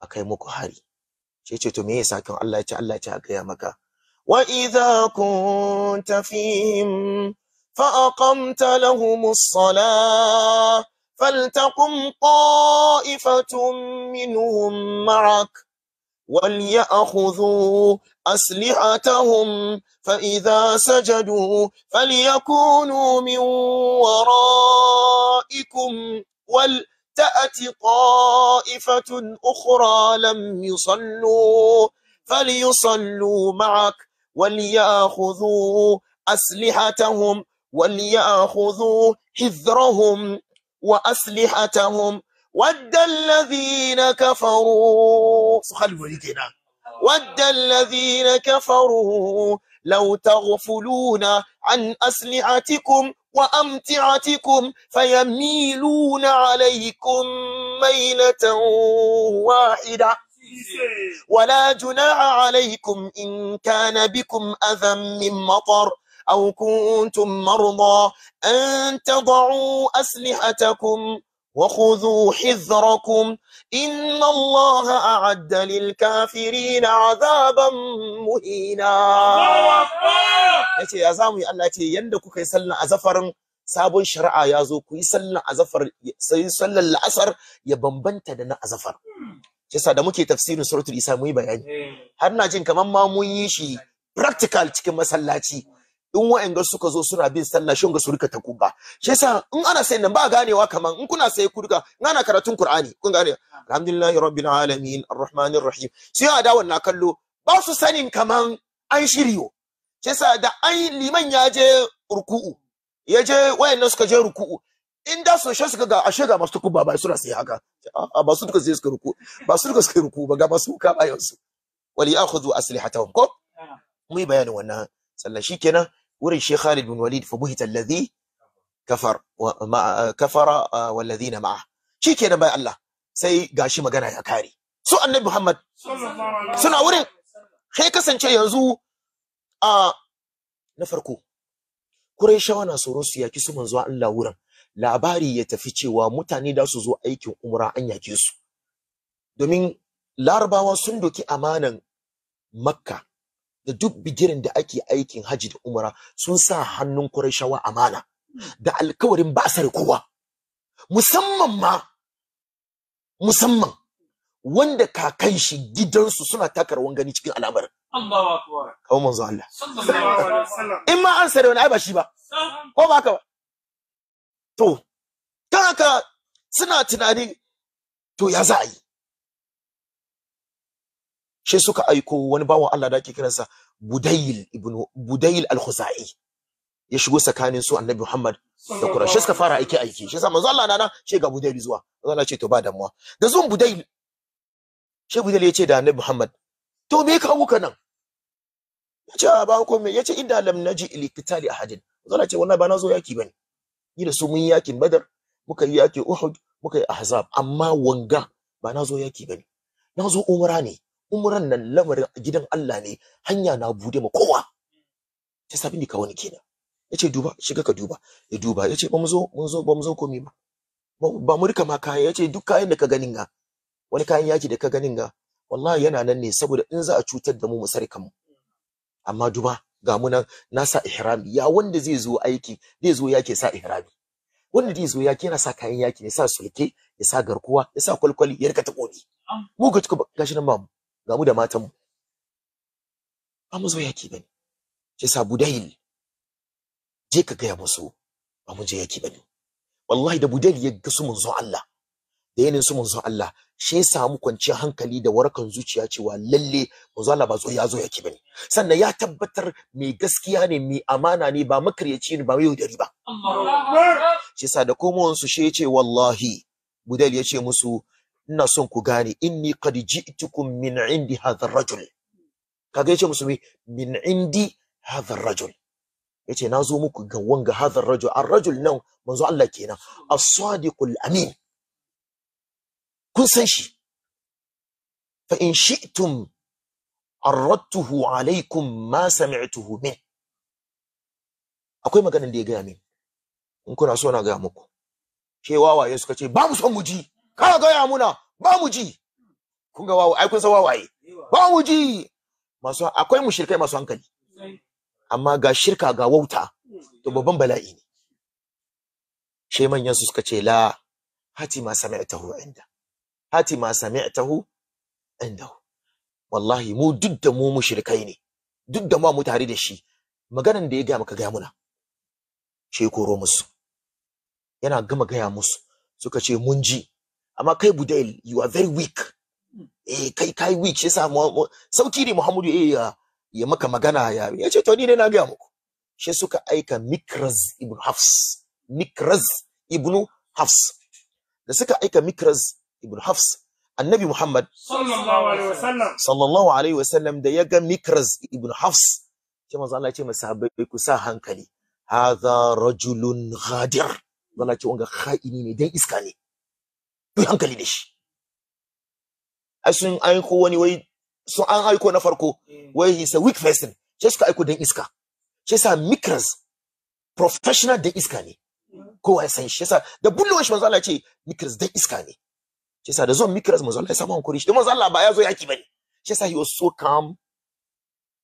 akai muku hari shi ce to me yasa kan Allah ya ce Allah ya ce a gaya maka wa idza kunta fihim فأقمت لهم الصلاة فلتقم طائفة منهم معك وليأخذوا أسلحتهم فإذا سجدوا فليكونوا من ورائكم ولتأت طائفة أخرى لم يصلوا فليصلوا معك وليأخذوا أسلحتهم ولياخذوا حذرهم واسلحتهم ود الذين كفروا ود الذين كفروا لو تغفلون عن أسلحتكم وأمتعتكم فيميلون عليكم ميلة واحدة ولا جناح عليكم إن كان بكم أذى من مطر أو كنتم مرضى أن تضعوا أسلحتكم وخذوا حذركم إن الله أعد للكافرين عذابا مهينا yace ya zamu yi Allah ce yanda kuka yi sallan azafarin sabon shari'a ya zo ku yi sallan la'asar ya bambanta da na azafar yasa da muke tafsirin suratul isa mu yi bayani har na jin kamar ma mun yi shi practical cikin masallaci in ga suka zo suna bin sallah shin ga su rika ta kuga shi yasa in ana sai nan ba ganewa kaman in kuna sai ku rika in ana karatun Qur'ani kun gane alhamdulillahi rabbil alamin arrahmanir rahim sai ya dawon na kallo ba su sanin kaman an shiryo shi yasa da an liman ya je ruku'u ya je wayannan suka je ruku'u in da so suka ga ashe ga masu kubba ba suna sai haka a ba su duka sai suka ruku ba su duka suka ruku ba ga masu ka bayan su wali akhudhu aslihatahum ko ah. mu bayanin wannan shi shikenan wurin shi Khalid bin Walid fa buhita alladhi kafar wa kafara uh, ladina ma'a shikenan bai Allah sai gashi magana ya kare su annabi Muhammad suna wurin Kai kasance yanzu a na farko Qurayshawa na tsoro su yaki su manzo Allah wurin labari ya tafi cewa mutane da su zo aikin umra an yake su domin larabawa sun doki amanan makka da duk bigirin da ake aikin Hajji da umara sun sa hannun kurashawa amana da alkawarin ba sa kowa musamman ma musamman wanda kakan shi gidansu suna taka rawan gani cikin alamar. Allahu akbar kawo Allah in ma an sare wani ai ba shi ba ko ba to ta suna tunani to ya za a yi shi suka aiko wani bawan Allah da ake kiransa Budayil ibn Budayil al-Khuzai ya shigo tsakanin su Annabi Muhammad da Quraysh suka fara aiki aiki shi sa manzo Allah nana shi ga Budayil zuwa manzo Allah ce to ba damuwa da zuwan Budayil shi Budayil ya ce da Annabi Muhammad to me ka huka nan ya ce ah, ba ko me ya ce inda lam naji likitali ahadin manzo Allah ce wallahi ba na zo yaki bane ni da su mun yakin Badr muka yi yaki Uhud muka yi Ahzab amma wanga ba na zo yaki bane na zo umra ne umran nan lamarin gidan Allah ne hanya na bude ma kowa ta sabi ka wani kenan yace duba shiga ka duba ya duba yace ba mu zo mun zo ba mu zo komai ba ba mu rika ma kaya yace duk kayan da ka ganin ga wani kayan yaki da ka ganin ga wallahi yana nan ne saboda in za a cutar da mu mu sarkan mu amma duba ga mu nan na sa ihrami ya wanda zai zo aiki zai zo yake sa ihrami wanda zai zo yake yana sa kayan yaki ne sa sulke ya sa garkuwa ya sa kwalkwali ya rika ta kodi ah. mu ga gashi nan ba mu ga mu da matan mu ba mu zo yaki bane shi yasa budayil je ka gaya musu ba mu je yaki bane wallahi da budayil ya ga su manzon Allah da yanin su manzon Allah shi ya samu kwanciyar hankali da warakan zuciya cewa lalle manzon Allah ba zo ya zo yaki bane sannan ya tabbatar mai gaskiya ne mai amana ne ba makaryaci ne ba mai yaudari ba shi da komowansu shi ya ce wallahi budayil ya ce musu ina son ku gane inni qad ji'tukum min indi hadha rajul kaga yace musulmi min indi hadha ar-rajul yace nazo muku ga wanga hadha ar-rajul ar-rajul nan manzo Allah kenan as-sadiqul amin kun san shi fa in shi'tum arradtuhu alaykum ma sami'tuhu min akwai maganan da ya gaya min in kuna so na gaya muku ke wawaye suka ce ba mu son mu ji kana gaya muna ba mu ji kun ga wawo ai kun san wawaye ba mu ji masu akwai mushrikai masu hankali amma ga shirka ga wauta to babban bala'i ne she manyan su suka ce la hati ma sami'tahu inda hati ma sami'tahu inda wallahi mu duk da mu mushrikai ne duk da ma mu tare da shi maganan da ya ga maka ga muna she koro musu yana gama gaya musu suka ce mun ji amma kai budail you are very weak hmm. eh kai kai weak shi yasa sauki ne muhammadu eh ya, ya maka magana ya ya ce to ni ne na ga muku shi suka aika mikraz ibn hafs mikraz ibn hafs da suka aika mikraz ibn hafs annabi muhammad sallallahu alaihi wasallam da ya ga mikraz ibn hafs ce manzo Allah ya ce masahabai ku sa hankali hadha rajulun ghadir wala ce wanga kha'ini ne dan iska ne yi hankali da shi ai sun aiko wani wai sun an aiko na farko mm. wai he's a weak person sai suka aiko dan iska shi yasa migrants professional dan iska ne kowa ya san shi yasa da bullowar shi manzo Allah ce migrants dan iska ne shi yasa da zuwan migrants manzo Allah ya samu hankuri shi dan manzo Allah ba ya zo yaki bane shi yasa he was so calm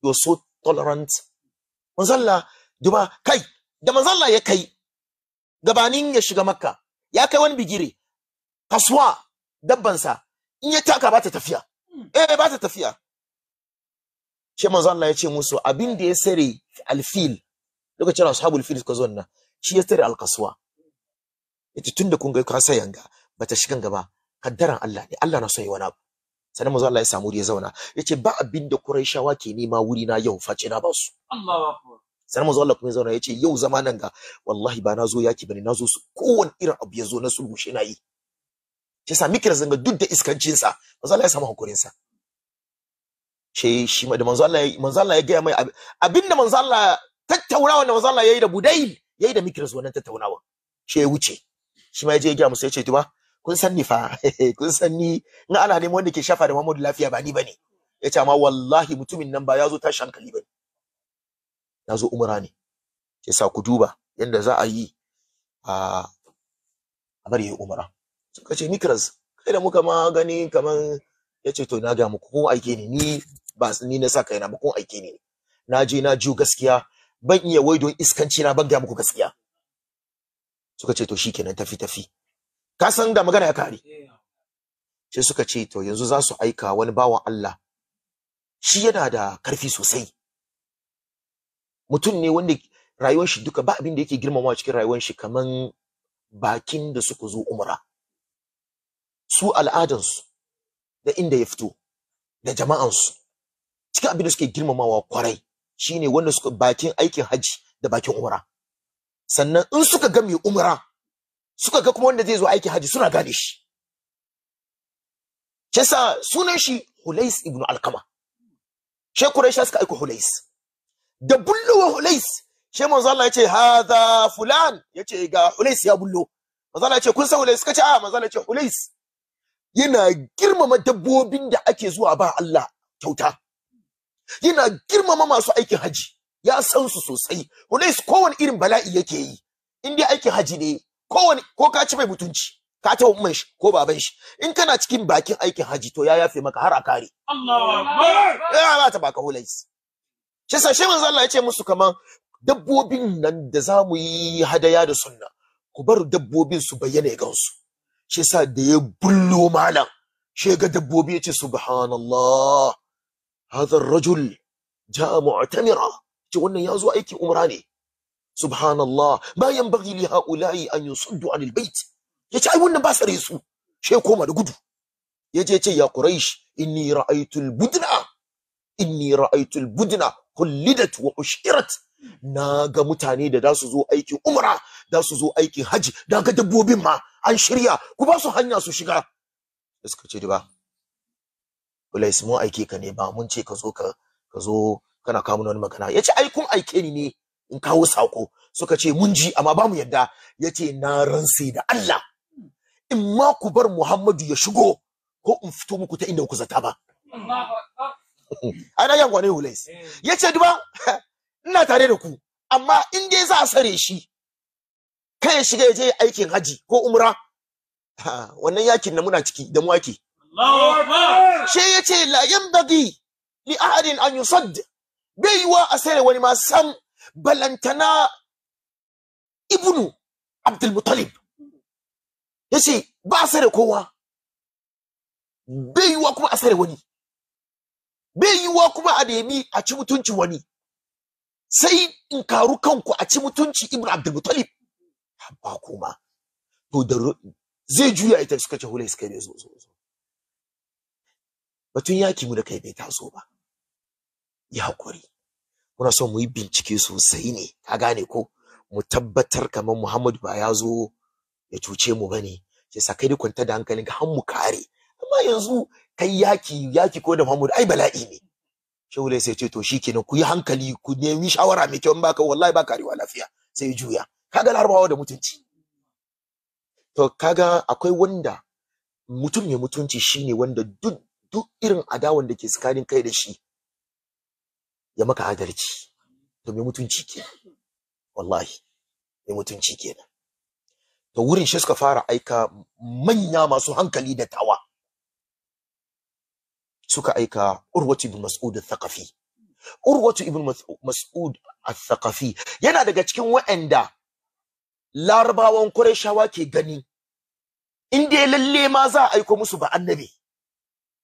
he was so tolerant manzo Allah duba kai da manzo Allah ya kai gabanin ya shiga makka ya kai wani bigire kasuwa dabbansa in ya taka ba ta tafiya eh ba ta tafiya shi manzo Allah ya ce musu abin da ya sare alfil lokacin ashabul fil suka zo nan shi ya sare alkasuwa yace tunda kun ga ka ga bata shigan gaba kaddaran Allah ne Allah na so yi wani abu sannan manzo Allah ya samu ya zauna yace ba abin da Qurayshawa ke nema wuri na yau face na ba su Allahu akbar sannan manzo Allah kuma ya zauna yace yau zamanan ga wallahi ba na zo yaki bane na zo su kowanne irin abu ya zo na sulhu shi na yi shi sa mikira zanga duk da iskancin sa manzo Allah ya samu hakurin sa she shi da manzo Allah manzo Allah ya ga mai abinda manzo Allah tattaunawa da manzo Allah yayi da Budayl yayi da mikira wannan tattaunawa she ya wuce shi ma ya je ya ga musu ya ce tuma kun san ni fa kun san ni in ana neman wanda ke shafa da Muhammadu lafiya ba ni bane ya ce amma wallahi mutumin nan ba ya zo tashi hankali bane ya zo umra ne ya sa ku duba yanda za a yi a bar yi umra suka ce nikras kai da muka ma gani kaman ya ce to na ga muku ko aike ni ni ba ni na sa yana ba aike ni na je na ju gaskiya ban iya wai iskanci na ban ga muku gaskiya suka ce to shikenan tafi tafi ka san da magana ya kare sai suka ce to yanzu za su aika wani bawan Allah shi yana da karfi sosai mutum ne wanda rayuwar shi duka ba abin da yake girmamawa cikin rayuwar shi kaman bakin da suka zo umra su al'adansu da inda ya fito da jama'ansu cikin abin da suke girmamawa kwarai shine wanda suka bakin aikin hajji da bakin umra sannan in suka ga mai umra suka ga kuma wanda zai zo aikin haji suna gane shi shi sunan shi Hulais ibn Alkama shi Quraysh suka aika Hulais da bullowa Hulais she manzo Allah yace hadha fulan yace ga Hulais ya bullo manzo Allah yace kun san Hulais kace a ah, manzo Allah yace Hulais yana girmama dabbobin da ake zuwa ba Allah kyauta yana girmama masu aikin haji ya san su sosai Hunais kowane irin bala'i yake yi in dai aikin haji ne kowane ko ka ci mai mutunci ka ta umman shi ko baban shi in kana cikin bakin aikin haji to ya yafe maka har a kare Allahu akbar ya ba ta baka Hunais shi sa shi manzo Allah ya musu kaman dabbobin nan da zamu yi hadaya da sunna ku bar dabbobin su bayyana gansu shi yasa da ya bullo malam shi ga dabbobi yace subhanallah hadha rajul jaa mu'tamira ce wannan ya zo aiki umra ne subhanallah ma yanbaghi li haula'i an yusaddu 'anil bait yace ai wannan ba sare su shi koma da gudu yace ce ya quraish inni ra'aytu al-budna inni ra'aytu al-budna kullidat wa ushirat na ga mutane da za su zo aikin umra za su zo aikin haji da ga dabbobin ma an shirya ku ba su hanya su shiga da suka ce ba Ulais mu aike ka ne ba mun ce ka zo ka ka zo kana kawo mana wani magana yace ai kun aike ni ne in kawo sako suka ce mun ji amma ba mu yadda yace na ransa da Allah in ma ku bar Muhammadu ya shigo ko in fito muku ta inda ku zata ba ai na yankwa ne hulais yace duba ina tare da ku amma in dai za a sare shi kai ya shiga ya je aikin haji ko umra wannan yakin na muna ciki da mu ake she yace ce la yambadi li ahadin an yusadd bai wa a wani ma sam balantana ibnu abdul muttalib yace ba a kowa bai kuma a sare wani bai kuma a a ci mutunci wani sai in karu kanku a ci mutunci abdul abdulmutalib ba kuma to da zai juya ita suka ce hula iska zo zo zo batun yaki mu da kai bai taso ba Yi hakuri muna so mu yi bincike sosai ne ka gane ko mu tabbatar kamar Muhammadu ba ya zo ya cuce mu ba ke sa kai da kwanta da hankalinka har mu kare amma yanzu kai yaki yaki ko da Muhammadu ai bala'i ne shehu sai ce to shikenan ku yi hankali ku nemi shawara mai kyau in baka wallahi baka riwa lafiya sai juya kaga larabawa da mutunci to kaga akwai wanda mutum mai mutunci shine wanda duk duk irin adawan da ke tsakanin kai da shi ya maka adalci to mai mutunci ke wallahi mai mutunci kenan to wurin shi suka fara aika manya masu hankali da tawa suka aika urwatu ibn mas'ud al-thaqafi urwatu ibn mas'ud al-thaqafi yana daga cikin waɗanda larabawan Qurayshawa ke gani in dai lalle ma za a aiko musu ba annabi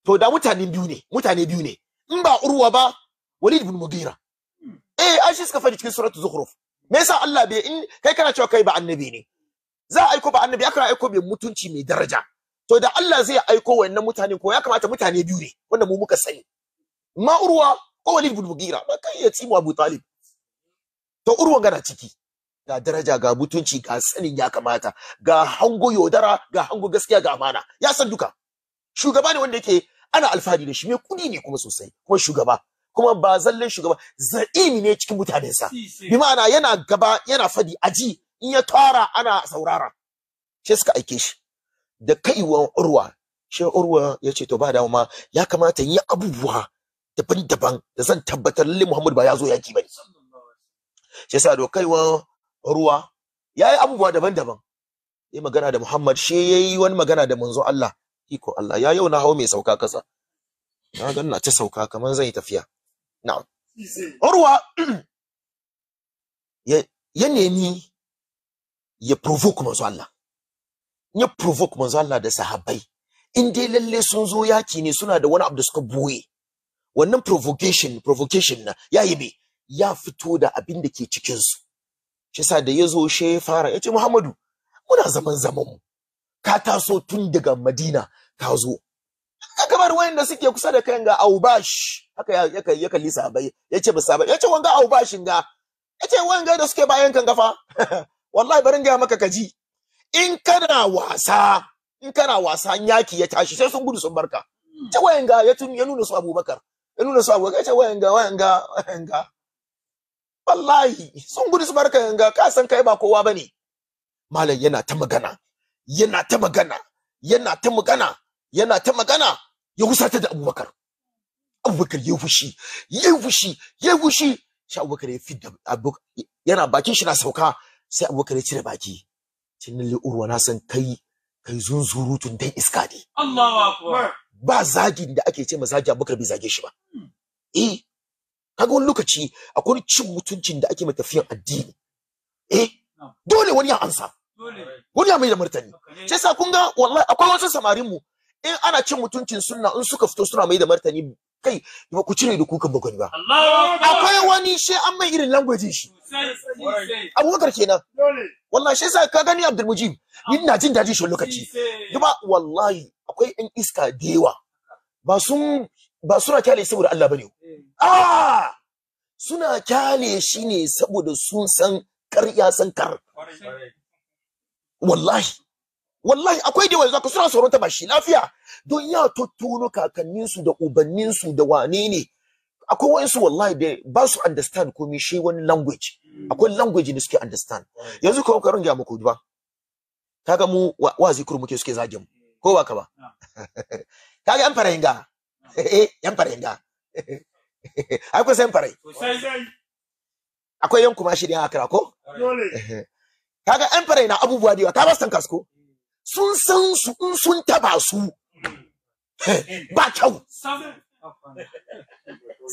to da mutane biyu ne mutane biyu ne in ba urwa ba Walid ibn Mughira eh ai shi suka faɗi cikin suratu Zukhruf me yasa Allah bai in kai kana cewa kai ba annabi ne za a aiko ba annabi aka aiko bai mutunci mai daraja to da Allah zai aiko wayannan mutane ko ya kamata mutane biyu ne wanda mu muka sani ma urwa ko Walid ibn Mughira ba kai ya mu Abu Talib to urwa gana ciki ga daraja ga mutunci ga sanin ya kamata ga hango yaudara ga hango gaskiya ga amana ya san duka shugaba ne wanda yake ana alfahari da shi mai kudi ne kuma sosai kuma shugaba kuma ba zallan shugaba za'imi ne cikin mutanensa bi ma'ana yana gaba yana fadi aji in ya tara ana saurara sai suka aike shi da kaiwan urwa shi urwa ya ce to ba da ma ya kamata yi abubuwa daban-daban da zan tabbatar lalle Muhammadu ba ya zo yaki bane ne yasa da kaiwan ruwa yayi abubuwa daban-daban yayi magana da Muhammad shi yayi wani magana da manzo Allah iko Allah ya yau na hau mai sauka kasa na ga ina ta sauka kaman zan yi tafiya na'am urwa ya nemi ya provoke manzo Allah ya provoke manzo Allah da sahabbai in dai lalle sun zo yaki ne suna da wani abu da suka boye wannan provocation provocation na yayi me ya fito da abin da ke cikin su shi sa da ya zo shi ya fara ya ce Muhammadu muna zaman zaman mu ka taso tun daga Madina ka zo kamar wayanda suke kusa da kai ga Aubash haka ya ya kalli sahabai ya ce ba sahabai ya ce wanga Aubashin ga ya ce wanga da suke bayan kan gafa wallahi barin ga maka kaji in kana wasa in kana wasa yaki ya tashi sai sun gudu sun barka ce wayanga ya nuna su Abubakar ya nuna su Abubakar ya ce wayanga wayanga wayanga wallahi sun gudu su barka yanga ka san kai ba kowa bane malam yana ta magana yana ta magana yana ta magana yana ta magana ya husata da abubakar abubakar ya fushi ya fushi ya fushi sai abubakar ya fidda yana bakin shi na sauka sai abubakar ya cire baki cinnin li'urwa na san kai kai zunzurutun dan iska ne Allahu akbar ba zagin da ake ce ma zagi abubakar bai zage shi ba hmm. eh kaga wani lokaci akwai cin mutuncin da ake mai tafiyan addini eh dole wani ya ansa wani ya mai da martani sai sa kun ga wallahi akwai wasu samarin mu in ana cin mutuncin sunna in suka fito suna mai da martani kai ba ku cire da kukan bagwani ba akwai wani shi an mai irin language shi abubakar kenan wallahi sai sa ka gani abdul mujib ni ina jin daji shi lokaci duba wallahi akwai ɗan iska da yawa ba sun ba suna kyale saboda Allah bane eh. a ah! suna kyale shi ne saboda sun san kar ya san kar wallahi wallahi akwai da wanda suna tsoron ta ba shi lafiya don ya tottono kakannin su da ubannin su da wane ne akwai wayansu wallahi da ba su understand komai shi wani language mm. akwai language ne suke understand yanzu ko karin ga muku ba kaga mu wazi muke suke zage mu ko ba ka ba kaga an fara yinga Eh, yan farai da akwai san farai akwai yan kuma shi da akira ko kaga yan farai na abubuwa da yawa ka ba san ko, sun san su in sun taba su ba kyau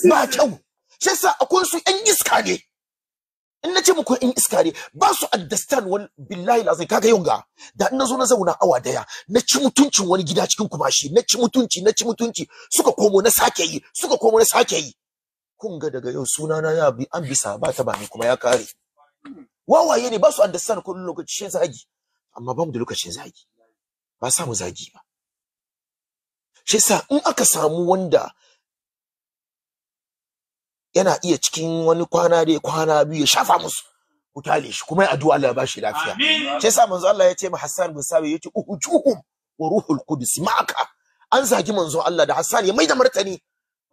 ba kyau shi sa akwai su yan iska ne in na ce muku in iska ne ba su understand wani billahi zai kaga yunga ga da in na na zauna awa daya na ci mutuncin wani gida cikin kumashi na ci mutunci na ci mutunci suka komo na sake yi suka komo na sake yi kun ga daga yau sunana ya bi an bisa ba ta bani kuma ya kare wawaye ne ba su understand kullum lokacin zagi amma ba mu da lokacin zagi ba samu zagi ba shi sa in aka samu wanda yana iya cikin wani kwana dai kwana biyu ya shafa musu ku shi kuma ya addu'a Allah ya ba shi lafiya sai sa manzo Allah ya ce ma Hassan bin Sabi yace uhujuhum wa ruhul qudus ma'aka an zagi manzo Allah da Hassan ya maida martani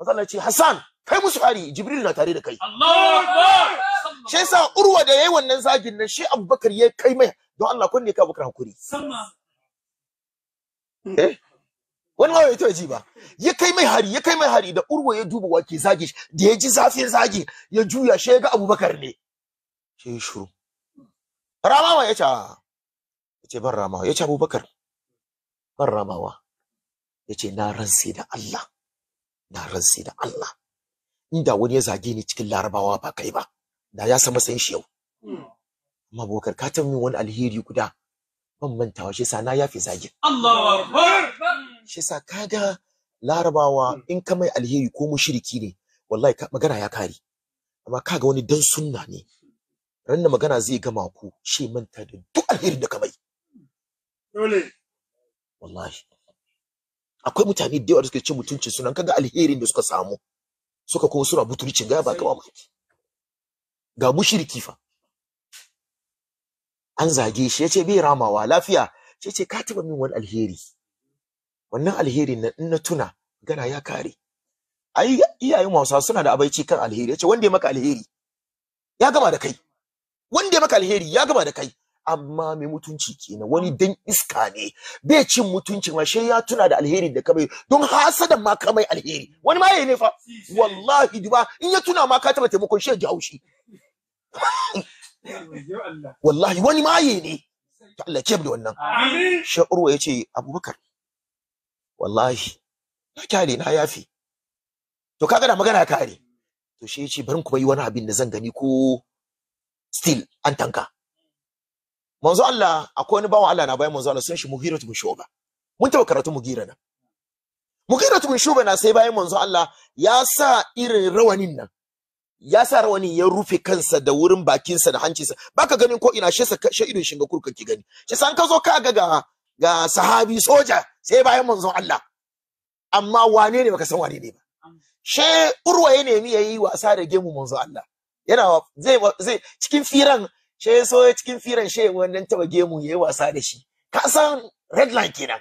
manzo Allah ya ce Hassan kai musu hari Jibril na tare da kai Allahu sai sa urwa da yayi wannan zagin nan shi Abubakar ya kai mai don Allah kun ne ka Abubakar hakuri eh Wani bai taɓa ji ba ya kai mai hari ya kai mai hari da urwa ya duba wake zage shi da ya ji zafin zage ya juya shi ya ga abubakar ne shi ya shuru ramawa ya ce ya ce ban ramawa ya ce abubakar ban ramawa ya ce na ransa da Allah na ransa da Allah inda wani ya zage ni cikin larabawa ba kai ba da ya san shi yau amma abubakar ka tabbata wani alheri guda ban mantawa shi sa na yafi zage Allahu akbar shi sa kaga larabawa hmm. in ka mai alheri ko mushriki ne wallahi magana ya kare amma kaga wani dan sunna ne ranna magana zai gama ku shi manta da duk alherin da ka mai dole wallahi akwai mutane da yawa da suke cin mutuncin sunan kaga alherin da suka samu suka kuma suna butulcin ga ba gaba ba. ga mushriki fa an zage shi yace bai ramawa lafiya yace ka taba min wani alheri wannan alheri na in na tuna gana ya kare ai iyayen Hausa suna da abaici kan alheri yace wanda ya maka alheri ya gama da kai wanda ya maka alheri ya gama da kai amma mai mutunci kenan wani dan iska ne bai cin mutunci ma shi ya tuna da alheri da kamai don hasadan ma mai alheri wani ma yayi ne fa wallahi duba in ya tuna ma ka taba taimakon shi ya haushi wallahi wani ma yayi ne Allah ke da wannan amin ya yace Abubakar wallahi na kyale na yafi to kaga da magana kare to shi yace bari ku yi wani abin da zan gani ko still an tanka manzo Allah akwai wani bawan Allah na bayan manzo Allah sun shi mughiratu bin shuba mun taba karatu mughira na mughiratu bin shuba na sai bayan manzo Allah ya sa irin rawanin nan ya sa rawanin ya rufe kansa da wurin bakinsa da hancinsa baka ganin ko ina shi sa idon shinga kurka ki gani shi san ka zo ka ga ga ga sahabi soja sai bayan manzon Allah amma wane ne baka san wane ne ba she urwa ya nemi yayi wasa da gemu manzon Allah yana zai zai cikin firan she so cikin firan she wannan taba gemu ya yi wasa da shi ka san red line kenan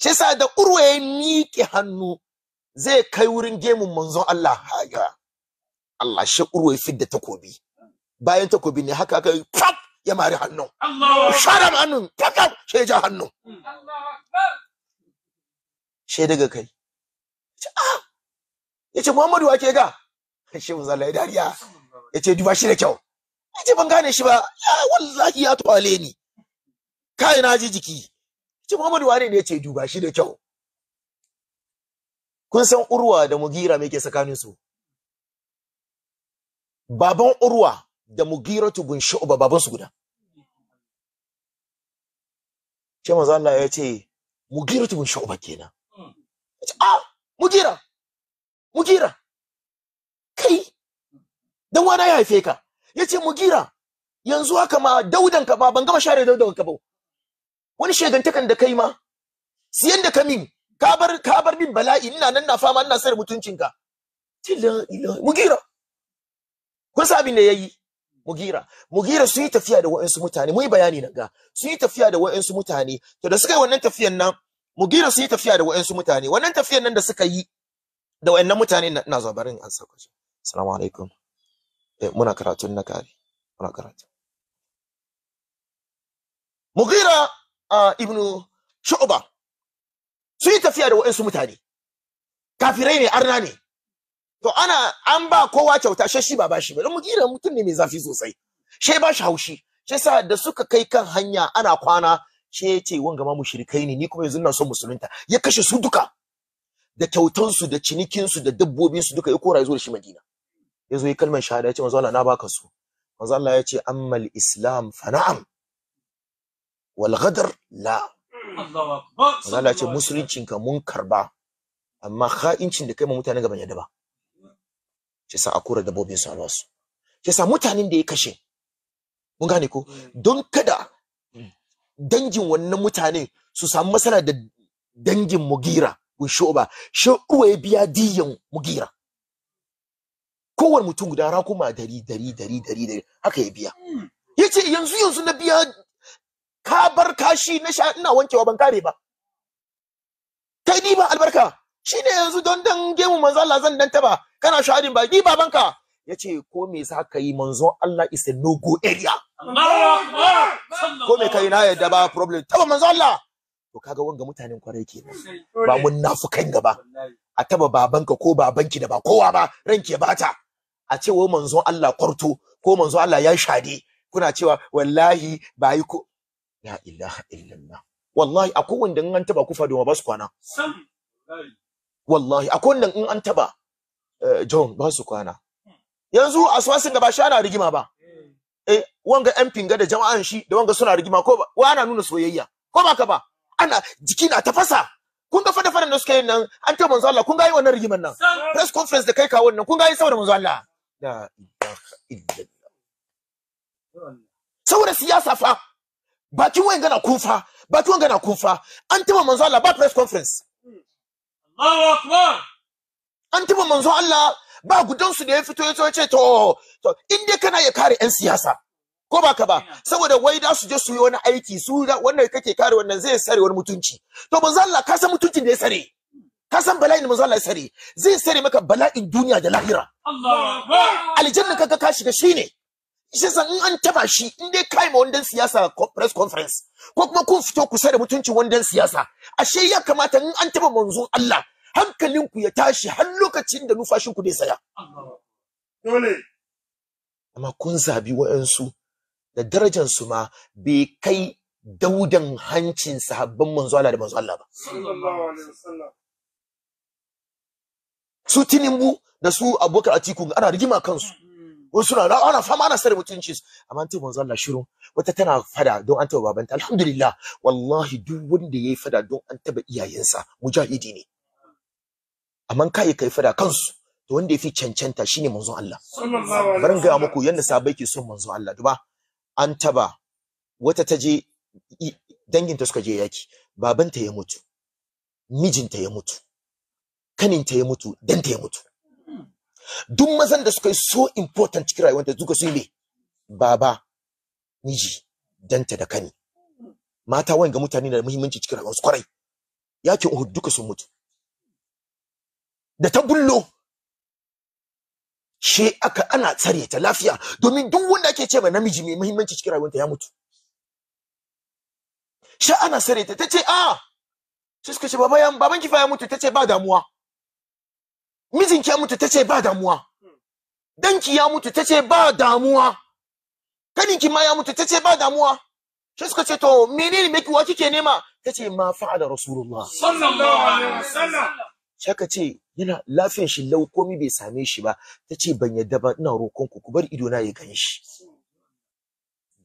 she sa da urwa ya miƙe hannu zai kai wurin gemun manzon Allah haga Allah she urwa ya fidda takobi bayan takobi ne haka kai fap ya mari hannun share ma hannun kakam shi ya ja hannun hmm. She daga kai ah! ya ce muhammadu wa ke ga shi mu zalai dariya ya ce duba shi da kyau ya ce ban gane shi ba ya ah, wallahi ya tuwale ni kai na ji jiki ya ce muhammadu wa ne ya ce duba shi da kyau kun san urwa da mugira me ke tsakaninsu baban urwa da mugiratu bin shu'ba baban su guda shi manzo Allah ya ce mugiratu bin uba kenan Ah mugira mugira kai dan wani ya haife ka yace mugira yanzu haka ma daudan ka ba ban gama share daudan ka ba wani shegantakan da kai ma siyan da kamin ka bar ka bar min bala'i ina nan na fama ina sayar mutuncinka tilla ila mugira kun sa abin da yayi mugira mugira sun yi tafiya da wa'ansu mutane mun yi bayani nan ga sun yi tafiya da wa'ansu mutane to da suka yi wannan tafiyan nan mugira sun yi tafiya da wa'ansu mutane wannan tafiyan nan da suka yi da wa'annan mutane na zabarin an saka shi assalamu alaikum eh muna karatu na kare muna karatu mugira a ibnu shu'ba sun yi tafiya da wa'ansu mutane kafirai ne arna ne to ana an ba kowa kyauta shi shi ba ba shi ba don mujira mutum ne mai zafi sosai shi ba shi haushi shi yasa da suka kai kan hanya ana kwana shi ya ce wanga ma mushrikai ne ni kuma yanzu ina son musulunta ya kashe su duka da kyautansu da cinikinsu da dabbobinsu duka ya kora ya zo da shi madina ya zo kalmar shahada ya ce manzo Allah na baka su manzo Allah ya ce ammal islam fa na'am wal ghadar la manzo Allah ya ce musuluncinka mun karba amma kha'incin da kai ma mutane gaban yadda ba shi yasa a kura dabbobin su a shi yasa mutanen da ya kashe mun gane ko mm. don kada dangin wannan mutane su samu masana da dangin mugira ko shoba shoba ya biya diyan mugira kowane mutum guda rakuma dari dari dari dari dari haka ya biya mm. yace yanzu yanzu na biya ka bar kashi na sha ina wankewa ban kare ba kai ni ba albarka Shi ne yanzu don dan gemu manzo Allah zan dan taba kana shahadin baki babanka yace ko me za ka yi manzo Allah is a no go area ko me kai na yadda ba problem taba manzo Allah to kaga wanga mutanen kwarai kenan ba munafukan gaba a taba babanka ko babanki da ba kowa ba "Ranke ya bata a ce wa manzon Allah kwarto ko manzo Allah ya shade kuna cewa wallahi ba yi ko la ilaha illallah wallahi akwai wanda in an taba ku fado bas ba su kwana wallahi a wannan in an taba eh, John ba su kwana yanzu a swasin gaba shi ana rigima ba eh wanga yan finga da jama'an shi da wanga suna rigima ko ba, wa ana nuna soyayya ko ba ka ba ana jiki na tafasa kun ga fada fada da suka yi nan an ta manzo Allah kun ga yi wannan rigiman nan press conference da kai kawo nan kun ga yi saboda manzo Allah la ilaha illallah saboda siyasa fa bakin wayan gana kufa bakin wayan gana kufa an ta manzo Allah ba press conference An taba manzo Allah ba gudansu da ya fito ya ce to to in dai kana ya kare yan siyasa ko ba ka ba saboda wai da su je su yi wani aiki su wannan kake kare wannan zai sare wani mutunci to manzo Allah ka san mutuncin da ya sare ka san bala'in manzo Allah ya sare zai sare maka bala'in duniya da lahira aljanna kaga ka shiga shine shi san in an taba shi in dai kai ma wandan siyasa press conference ko kuma kun fito kusa da mutuncin wandan siyasa ashe ya kamata in an taba manzo Allah hankalinku ya tashi har lokacin da numfashinku zai tsaya dole amma kun zabi wayansu da darajansu ma bai kai daudan hancin sahabban manzo Allah da manzo Allah ba su tinimbu da su abubakar atiku ana rigima kansu wasu na ana fama ana sare mutuncin su amma ta manzo Allah shiru wata tana fada don an taba babanta alhamdulillah wallahi duk wanda yayi fada don an taba iyayensa mujahidi ne amma kai kai fira kansu to wanda yafi cancanta shine manzon Allah bari ga muku yanda sabai ke son manzon Allah duba an taba wata taje danginta suka je yaki babanta ya mutu mijinta ya mutu kaninta ya mutu danta ya mutu duk mazan da suka yi so important cikin rayuwarta duka su ne baba miji danta da kani mata wanga mutane da muhimmanci cikin rayuwarsu kwarai yakin Uhud duka sun mutu da ta bullo she aka ana tsare ta lafiya domin duk wanda ake ce namiji mai muhimmanci cikin rayuwarta ya mutu she ana tsare ta tace a ah! sai suka ce baba ya baban ki fa ya mutu tace ba damuwa mijinki ya mutu tace ba damuwa danki ya mutu tace ba damuwa kaninki ma ya mutu tace ba damuwa sai suka ce to menene meki wa kike nema tace ma fa'ala rasulullah sallallahu alaihi wasallam shaka ce yana lafiyar shi lau komai bai same shi ba ta ce ban yadda ba ina roƙon ku bar ido na ya ganshi.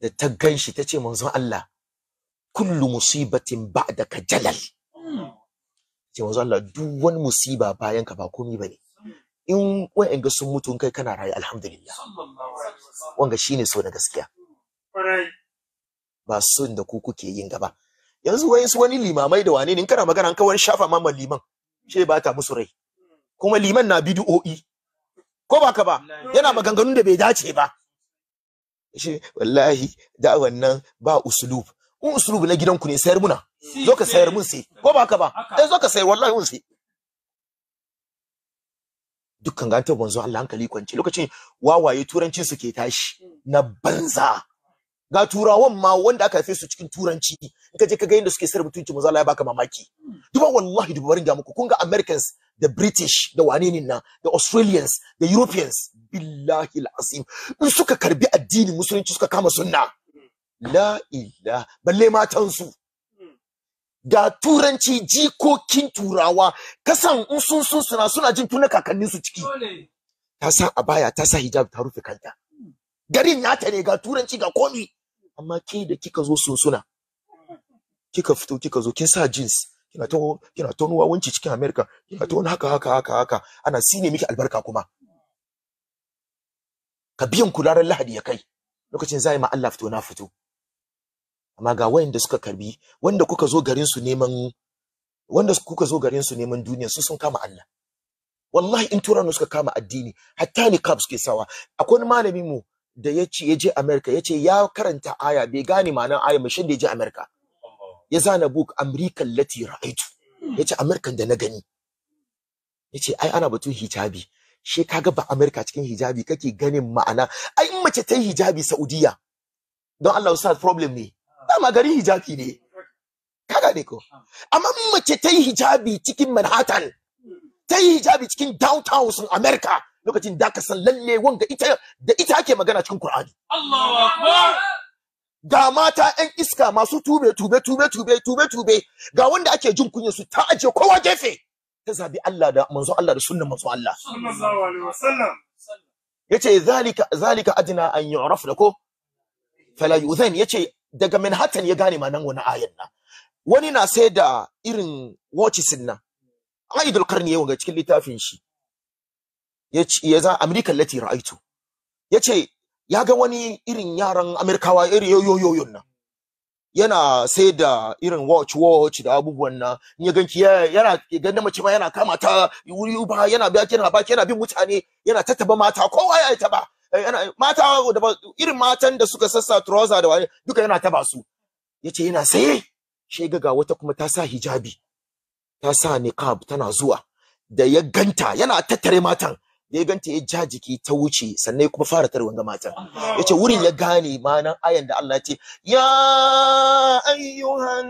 da ta gan shi ta ce manzon Allah kullu musibatin ka jalal ce manzon Allah duk wani musiba bayan ka ba komai bane in wa'in ga sun mutu kai kana rayu alhamdulillah wanga shine so na gaskiya ba son da ku kuke yin gaba yanzu wayansu wani limamai da wane ne in kana magana an kawar shafa ma liman she ba ta musu rai kuma liman na bid'o'i ko ba ka ba yana maganganun da bai dace ba shi wallahi da' nan ba uslub Un uslub na gidanku ne sayar muna zo ka sayar mun sai ko ba ka ba eh zo ka sayar wallahi mun sai dukkan ganta banzo Allah hankali kwance lokacin wawaye turancin su ke tashi na banza ga turawan ma wanda aka haife su cikin turanci in ka je ka ga yadda suke sirri mutunci maza Allah ya baka mamaki duba wallahi duba barin ga muku kun ga Americans da British da wane na da Australians da Europeans billahi alazim in suka karbi addinin musulunci suka kama sunna la ilaha balle matan su ga turanci jikokin turawa kasan in sun sun suna suna jin tuna kakannin su ciki ta sa abaya ta sa hijab ta rufe kanta garin nata ne ga turanci ga komi amma ke da kika zo sunsuna kika fito kika zo kin sa jeans kina to kina to wanci cikin America kina to haka haka haka haka ana sine miki albarka kuma ka biyan kularan lahadi ya kai lokacin zai ma Allah fito na fito amma ga wayanda suka karbi wanda kuka zo garin su neman wanda kuka zo garin su neman duniya su sun kama Allah wallahi in turanu suka kama addini hatta ni kabs ke sawa akwai malamin mu da ya ce ya je Amerika ya ce ya karanta aya bai gane ma'anar aya mai da ya je Amerika ya zana book American lati ra'aitu ya ce American da na gani ya ce ai ana batun hijabi she kaga ba Amerika cikin hijabi kake ganin ma'ana ai in mace ta yi hijabi Saudiya don Allah sa problem ne dama garin hijabi ne kaga ne ko amma in mace ta yi hijabi cikin Manhattan ta yi hijabi cikin downtown sun Amerika lokacin da ka san lalle wanga ita da ita ake magana cikin Qur'ani Allahu akbar ga mata ƴan iska masu tube tube tube tube tube tube ga wanda ake jin kunyar su ta aje kowa gefe ta zabi Allah da manzo Allah da sunnan manzo Allah sallallahu alaihi wasallam yace zalika zalika ajna an yu'raf lako fala yu'zan yace daga Manhattan ya gane ma nan wani ayan nan wani na sai da irin watches nan Aidul Qarni yawan ga cikin littafin shi ya za Amerika lati ra'aitu yace ya ga wani irin yaran Amerikawa irin yoyoyon nan yana sai da irin watch watch da abubuwan na. ya ganki yana mace ma yana kama ta wuri ba yana biya bin mutane yana tattaba mata kowa ya taba eh, yana mata da irin matan da suka sassa trouser da wani duka yana taba su yace yana saye shi ga wata kuma ta sa hijabi ta sa niqab tana zuwa da ya ganta yana tattare matan ya ganta ya ja jiki ta wuce sannan ya kuma fara tarwon ga matan ya ce wurin ya gane nan ayan da Allah ce ya ayyuhan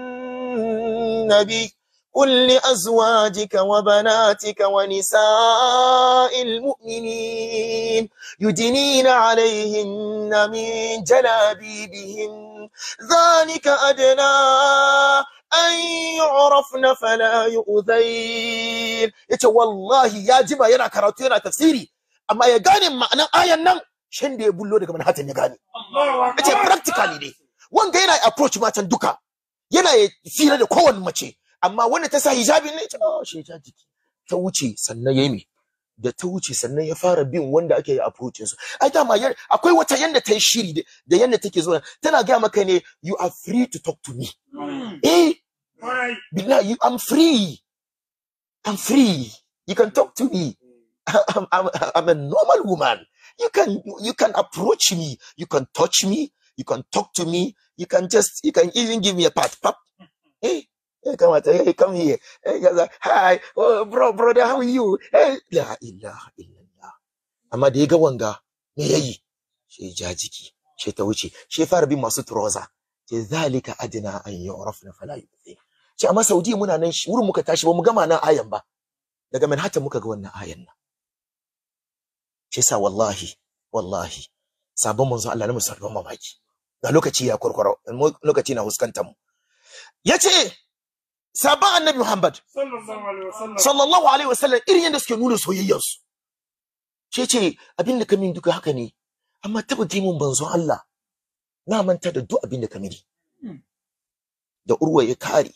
nabi kulli azwajika wa banatika wa nisa'il mu'minin yudinina alaihin min jalabibihin zalika adna an yu'rafna fala yu'zain yace wallahi ya jima yana karatu yana tafsiri amma ya gane ma'anan ayan nan shin da ya bullo daga manhatan ya gane yace practically ne wanda yana approach matan duka yana ya fira da kowanne mace amma wanda ta sa hijabi ne ta oh shi ta jiki ta wuce sannan yayi da ta wuce sannan ya fara bin wanda ake yi approachin su ai dama akwai wata yanda ta yi shiri da yanda take zuwa tana gaya maka ne you are free to talk to me eh billahi I'm free I'm free you can talk to me I'm, I'm, I'm a normal woman you can you can approach me you can touch me you can talk to me you can just you can even give me a pat Pat. eh ya kamata hey come here hey eh, kaza hi oh, bro brother how are you hey eh, la ilaha illallah amma da ya ga wanga me yayi she jajiki jiki ta wuce shi fara bin masu trouser zalika adina an yu'rafna fala yu'thi ce amma Saudi muna nan wurin muka tashi ba mu gama nan ayan ba daga hata muka ga wannan ayan nan shi sa wallahi wallahi sabon manzo Allah na musulman mamaki ga lokaci ya kurkura lokaci na huskantar mu yace sabon annabi Muhammad sallallahu alaihi wasallam irin yadda suke nuna soyayyarsu ce ce abin da kamin duka haka ne amma taba ji mun banzon Allah na manta da duk abin da kamini hmm. da urwa ya kare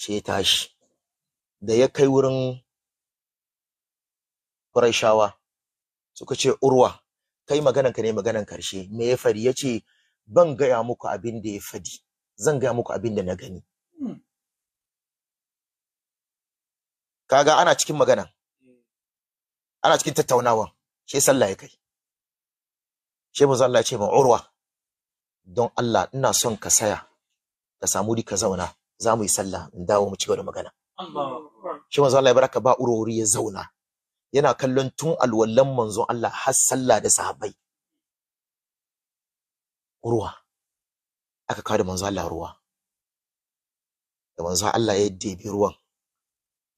ce ya tashi da ya kai wurin Qurayshawa suka ce urwa kai maganan ka ne maganan karshe me ya fari ce, ban gaya muku abin da ya fadi zan gaya muku abin da na gani kaga ana cikin magana ana cikin tattaunawa shi sallah ya kai shi mu Allah ya ce ma urwa don Allah ina son ka saya ka samu ka zauna za mu yi sallah in dawo mu ci da magana shi mu zalla ya baraka ba urori ya zauna yana kallon tun alwallan manzon Allah har sallah da sahabbai 'Urwa!' aka kawo da manzon Allah ruwa da manzon Allah ya debi ruwan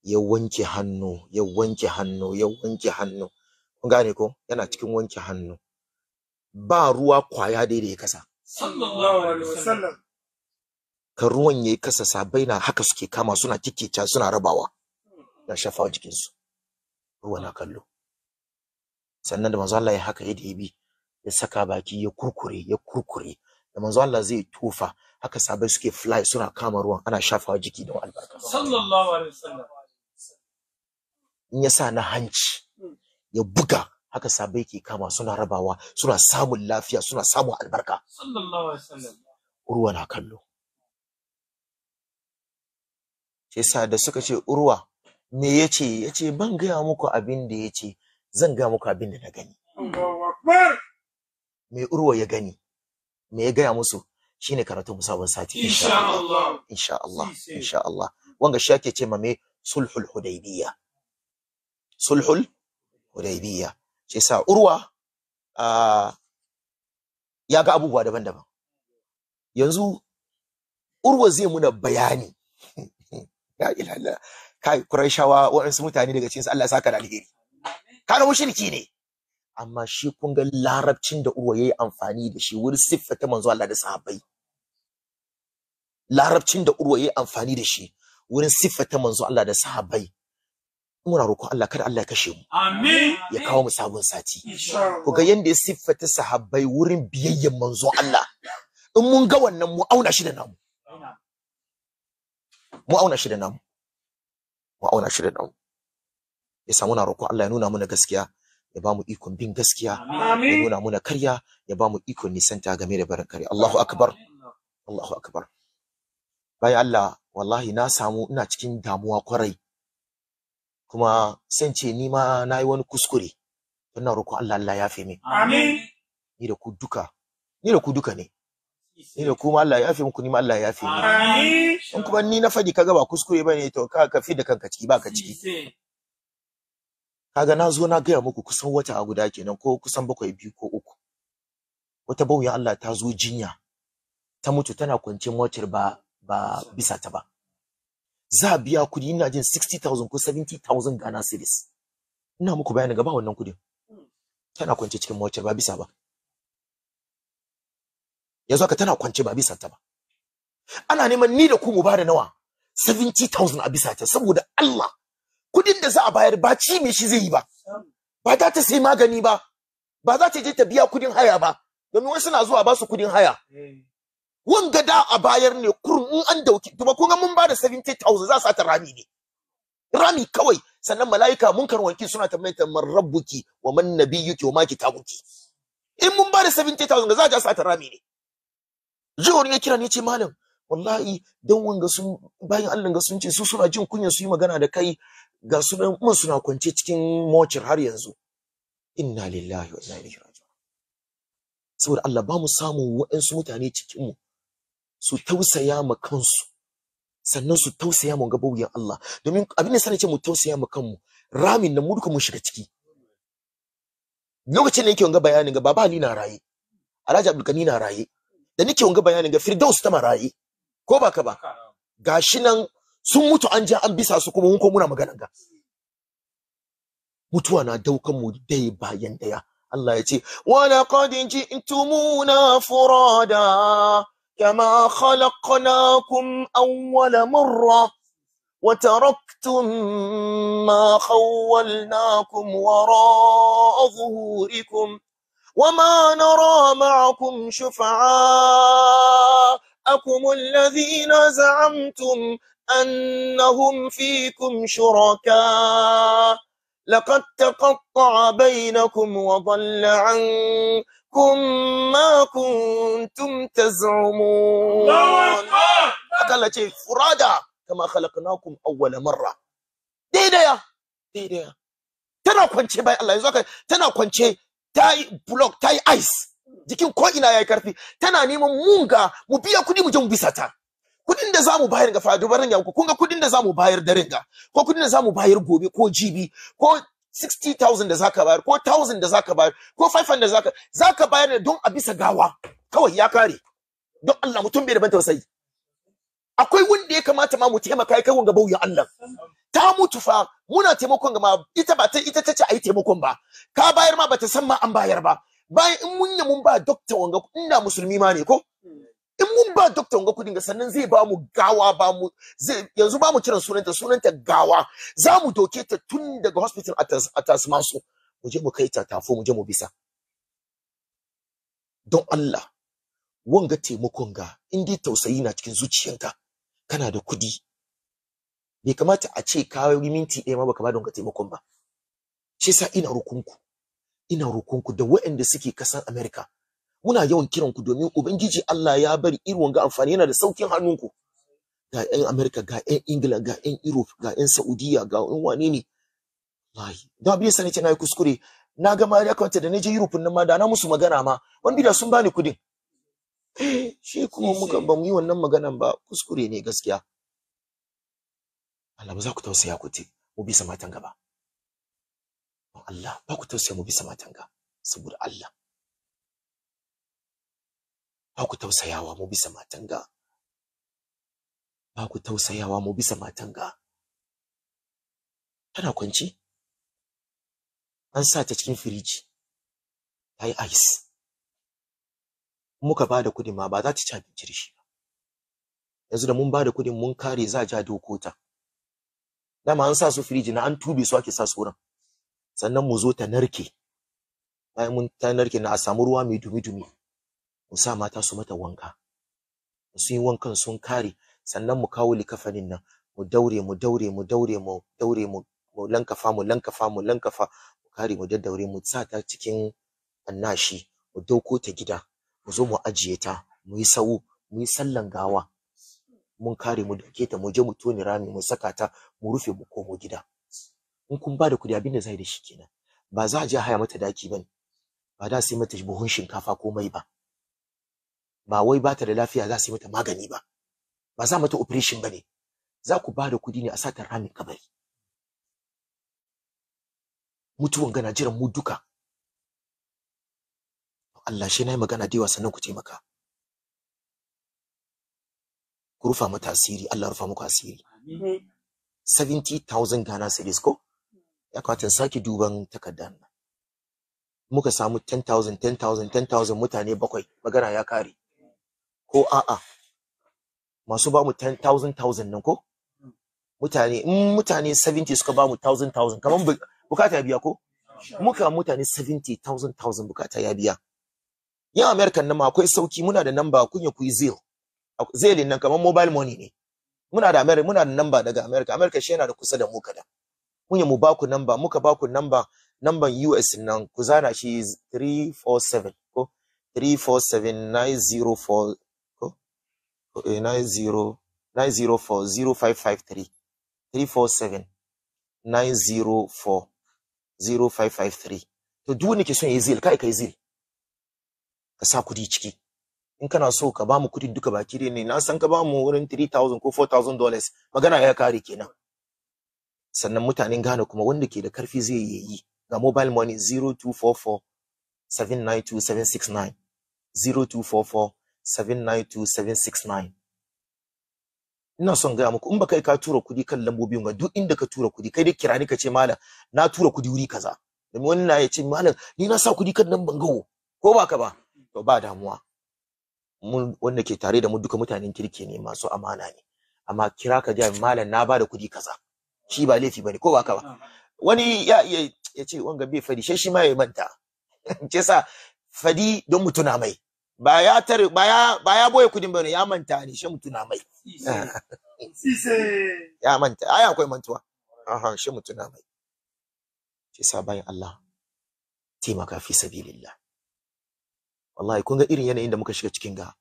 ya wanke hannu ya wanke hannu ya wanke hannu kun gane ko yana cikin wanke hannu ba ruwa kwaya dai da ya kasa sallallahu alaihi wasallam ka ruwan yayi kasa sabai na haka suke kama suna kikkica suna rabawa da shafa jikin su ruwa na kallo sannan da manzo Allah ya haka ya bi, ya saka baki ya kurkure ya kurkure da manzo Allah zai tufa haka sabai suke fly suna kama ruwan ana shafawa jiki da albarka sallallahu alaihi wasallam in ya sa na hanci hmm. ya buga haka sabai ke kama suna rabawa suna samun lafiya suna samun albarka urwa na kallo ce sa da suka ce urwa me yace yace ban gaya muku abin da yace zan gaya muku abin da na gani me urwa ya gani me ya gaya musu shine karatu musabon sati insha Allah insha wanga shi ake ce ma me sulhul hudaybiyah sulhul hudaybiya shi sa urwa ya ga abubuwa daban-daban yanzu urwa zai muna bayani ya ilalla kai quraishawa waɗansu mutane daga cikin Allah saka da alheri kana mushriki ne amma shi kun ga larabcin da urwa yayi amfani da shi wurin siffata manzo Allah da sahabbai larabcin da urwa yayi amfani da shi wurin siffata manzo Allah da sahabbai muna roƙon Allah kada Allah ya kashe mu amin ya kawo mu sabon sati ku ga yanda ya siffata sahabbai wurin biyayyen manzo Allah in mun ga wannan mu auna shi da namu mu auna shi da namu mu auna shi da namu ya samu na roƙon Allah ya nuna mana gaskiya ya ba mu ikon bin gaskiya ya nuna mana karya ya ba mu ikon nisanta game da barin karya Allahu akbar Allahu akbar bayan Allah wallahi na samu ina cikin damuwa kwarai kuma san ce ni ma na yi wani kuskure wannan roƙon Allah Allah ya fi min amin ni da ku duka ni da ku duka ne ni da ku ma Allah ya fi muku ni ma Allah ya fi min amin in kuma ni na fadi kaga ba kuskure bane to ka ka fi da kanka ciki ba ka ciki kaga na zo na gaya muku kusan wata a guda kenan ko kusan bakwai biyu ko uku wata bauya Allah ta zo jinya ta mutu tana kwanciyar motar ba ba bisa ta ba za a biya kuɗi ina jin 60,000 ko 70,000 Ghana cedis ina muku bayani gaba wannan kuɗin tana kwance cikin mawacar ba bisa ba yanzu haka tana kwance ba bisa ta ba ana neman ni da ku mu bada nawa 70,000 a bisa ta saboda Allah kuɗin da za a bayar ba ci me shi zai yi ba ba za ta sai magani ba ba za ta je ta biya kuɗin haya ba domin wasu na zuwa ba su kuɗin haya eh. wanga da a bayar ne kurun in an dauki to ba kun ga mun ba da 70000 za sa ta rami ne rami kawai sannan malaika mun karwanki suna tambayar ta man rabbuki wa man nabiyyuki wa ma kitabuki in mun ba da 70000 za ta sa ta rami ne jihon ya kira ne ce malam wallahi dan wanga sun bayan Allah ga sun ce su suna jin kunya su yi magana da kai ga su nan mun suna kwance cikin mocir har yanzu inna lillahi wa inna ilaihi raji'un saboda Allah ba mu samun waɗansu mutane cikin mu su tausaya ma kansu sannan su tausaya mu gabuyan Allah domin abin da sani ce mu tausaya mu kanmu ramin da mu duka mun shiga ciki lokacin da yake wanga bayanin ga baba Ali na raye Alhaji Abdulkani na raye da nake wanga bayanin ga Firdaus ta raye ko ba ba gashi nan sun mutu an ja an bisa su kuma mun ko muna magana ga mutuwa na daukan mu dai bayan daya Allah ya ce wa laqad ji'tumuna furada كما خلقناكم أول مرة وتركتم ما خولناكم وراء ظهوركم وما نرى معكم شفعاءكم الذين زعمتم أنهم فيكم شركاء لقد تقطع بينكم وضل عنكم يحكمكم ما كنتم تزعمون قال شيء فرادا كما خلقناكم أول مرة دي دي دي دي tana kwance bai Allah yanzu haka tana kwance ta ice jikin ko ina yayi karfi tana neman munga mu biya kudi mu je mu bisa ta kudin da zamu bayar ga fadu barin yanku kun ga kudin da zamu bayar daren ko kudin da zamu bayar gobe ko jibi ko 60,000 da zaka bayar ko 1,000 da zaka bayar ko 500 da zaka zaka bayar ne don a bisa gawa kawai ya kare don Allah mutum bai da ban tausayi akwai wanda ya kamata ma mu taimaka ya kai wanga bauyin Allah ta mutu fa muna taimakon ga ma ita ba ta ita ta ce ayi taimakon ba ka bayar ma bata san ma an bayar ba bayan in munya mun ba doctor wanga ina musulmi ma ne ko in mun ba Dr. Ngo kudin sannan zai ba mu gawa ba mu yanzu ba mu kiran sunanta sunanta gawa za mu doke ta tun daga hospital a Tasmasu mu je mu kai ta tafo mu je mu bisa don Allah wanga taimakon ga in dai tausayi na cikin zuciyarka kana da kudi bai kamata a ce ka yi minti ɗaya ma baka ba don taimakon ba shi sa ina rukunku ina rukunku da waɗanda suke kasar America muna yawan kiran ku domin ubangiji Allah ya bari irin wanga amfani yana da saukin hannunku ga yan America ga yan Ingila ga yan Europe ga yan Saudiya ga yan wane ne wallahi da bi sai ce na yi kuskure na ga ma ya da na Europe nan ma da na musu magana ma wani da sun bani kudin eh, shi kuma muka ba mu yi wannan maganan ba kuskure ne gaskiya Allah ba za ku tausaya ku te mu bisa matan gaba Allah ba ku tausaya mu bi matan ga saboda Allah ba ku tausayawa mu bisa matanga ba ku tausayawa mu bisa matanga tana kwanci an sa ta cikin firiji ta yi ice muka ba da kudin ma ba za ta ci abinci da shi ba yanzu da mun ba da kudin mun kare za a ja dokota dama an sa su firiji na an tube su ake sa su wurin sannan mu zo ta narke bayan mun ta narke na a samu ruwa mai dumi-dumi mu sa mata su mata wanka su yi wankan sun kare sannan mu kawo likafanin nan mu daure mu daure mu daure mu daure mu lankafa mu lankafa mu lankafa mu kare mu daddaure mu sa ta cikin annashi mu dauko ta gida mu zo mu ajiye ta mu yi sawu mu yi sallan gawa mun kare mu dauke ta mu je mu tone rami mu saka ta mu rufe mu komo gida in kun ba da kuɗi abin da zai da shi kenan ba za a je haya mata daki ne, ba da sai mata buhun shinkafa komai ba ba wai ba ta da lafiya za su yi mata magani ba ba za mata operation ba ne za ku ba da kuɗi ne a satar ramin kabari mutuwan gana jiran mu duka Allah shi na yi magana da yawa sannan ku taimaka ku rufa mata asiri Allah rufa muku asiri 70,000 Ghana cedis ko ya kawata sake duban takardar muka samu 10,000 10,000 10,000 mutane bakwai magana ya kare ko a'a masu ba mu 10,000 nan ko mutane in mutane 70 suka ba mu 1,000 kamar bukata ya biya ko muka mutane 70,000,000 bukata ya biya yan american nan akwai sauki muna da namba kunya kuyi zeal zeal din nan kamar mobile money ne muna da america muna da namba daga america america shi yana da kusa da mu kada kunya mu ba ku namba muka ba ku namba namban US nan ku zana shi 347 ko 347904. to duk wani ke son ya yi zil kai ka zil ka sa kudi ciki in kana so ka ba mu kudi duka baki dai ne na san ka bamu wurin 3000 ko 4000 dollars magana ya kare kenan sannan mutanen gane kuma wanda ke da karfi zai yi ga mobile money 0244 792 769 0244 792-769 ina son gaya muku in ba kai ka tura kudi kan lambobin ga duk inda ka tura kudi kai dai kira ni ka ce malam na tura kudi wuri kaza domin wani na ya ce malam ni na sa kudi kan nan ban gawo ko ba ka ba to ba damuwa mun wanda ke tare da mu duka mutanen kirki ne masu amana ne amma kira ka ga malam na ba da kudi kaza shi ba laifi bane ko ba ka ba wani ya iya ya ce wanga bai fadi shi ma ya manta ce sa fadi don mutuna mai ba ya tare ba ya ba ya boye kudin bane ya manta ne shi mutuna mai sise ya manta ai akwai mantuwa aha shi mutuna mai shi sa bayin Allah taimaka fi sabilillah wallahi kun ga irin yanayin da muka shiga cikin ga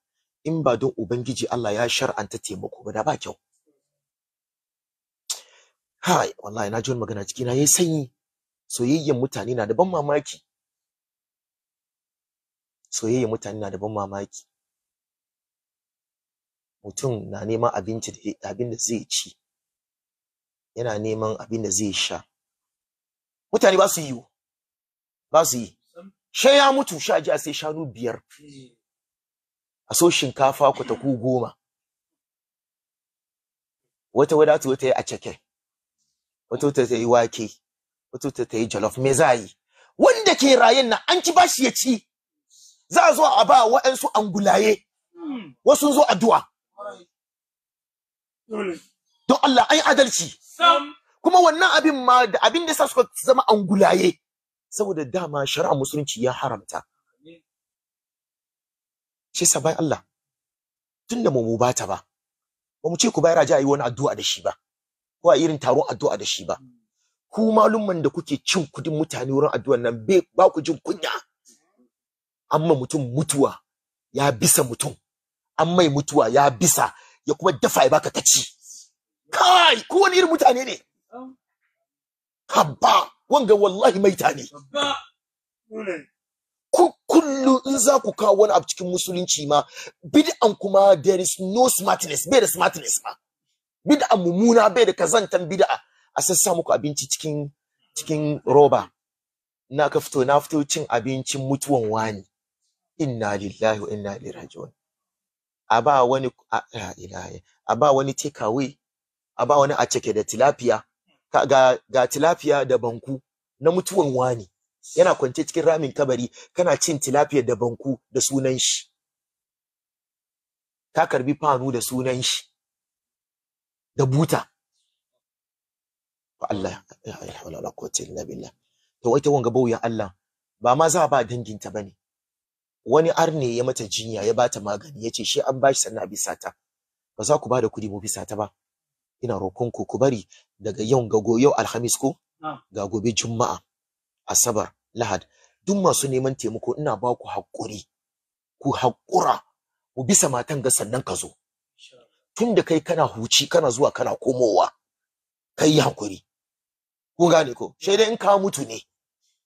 in ba don ubangiji Allah ya shar'anta taimako ba da ba kyau hai wallahi na ji wani magana cikina na yayi sanyi soyayyen mutane na da ban mamaki soyayyar mutane na da ban mamaki mutum na neman abinci abin da zai ci yana neman abin da zai sha mutane ba su yi ba su yi shan ya mutu sha ji a sai shanu biyar a so shinkafa ku ta ku goma wata wadatu wata yi a cike wata wata ta yi wake wata wata ta yi jollof me za yi wanda ke rayen na an ci bashi ya ci za a zo a ba wa'ansu angulaye wasu zo addu'a don Allah an yi adalci kuma wannan abin ma da abin da suka zama angulaye saboda dama shari'a musulunci ya haramta shi sa bai Allah tunda mu bata ba ba mu ce ku bayar aje ayi wani addu'a da shi ba ko a irin taron addu'a da shi ba ku malumman da kuke cin kudin mutane wurin addu'an nan ba ku jin kunya an ma mutum mutuwa ya bisa mutum an mai mutuwa ya bisa ya kuma dafa ya baka kaci kai ko wani irin mutane ne habba wanga wallahi maita ne kullu in za ku kawo wani abu cikin musulunci ma bid'an kuma there is no smartness bai da smartness ma bid'a mumuna bai da kazantan bid'a a sassa muku abinci cikin cikin roba na ka fito na fito cin abincin mutuwan wani inna lillahi wa inna ilaihi raji'un a ba wani a ba wani takeaway a ba wani a cike da tilafiya ga, ga tilafiya da banku na mutuwan wani yana kwance cikin ramin kabari kana cin tilafiya da banku da sunan shi ka karbi fanu da sunan shi da buta Allah ya illa Allah ko tilla billah to wai ta wanga ya Allah ba ma za ba danginta bane wani arne ya mata jinya ya bata magani ya ce, shi an bashi sannan a bisa ta ba za ku ba da kuɗi mu bisa ta ba ina roƙon ku ku bari daga yau gago yau alhamis ko ga gobe juma'a asabar lahad duk masu neman taimako ina ba ku haƙuri ku haƙura ku bisa matan ga sannan ka zo tun da kai kana huci kana zuwa kana komowa kai yi haƙuri kun gane ko shaidai in ka mutu ne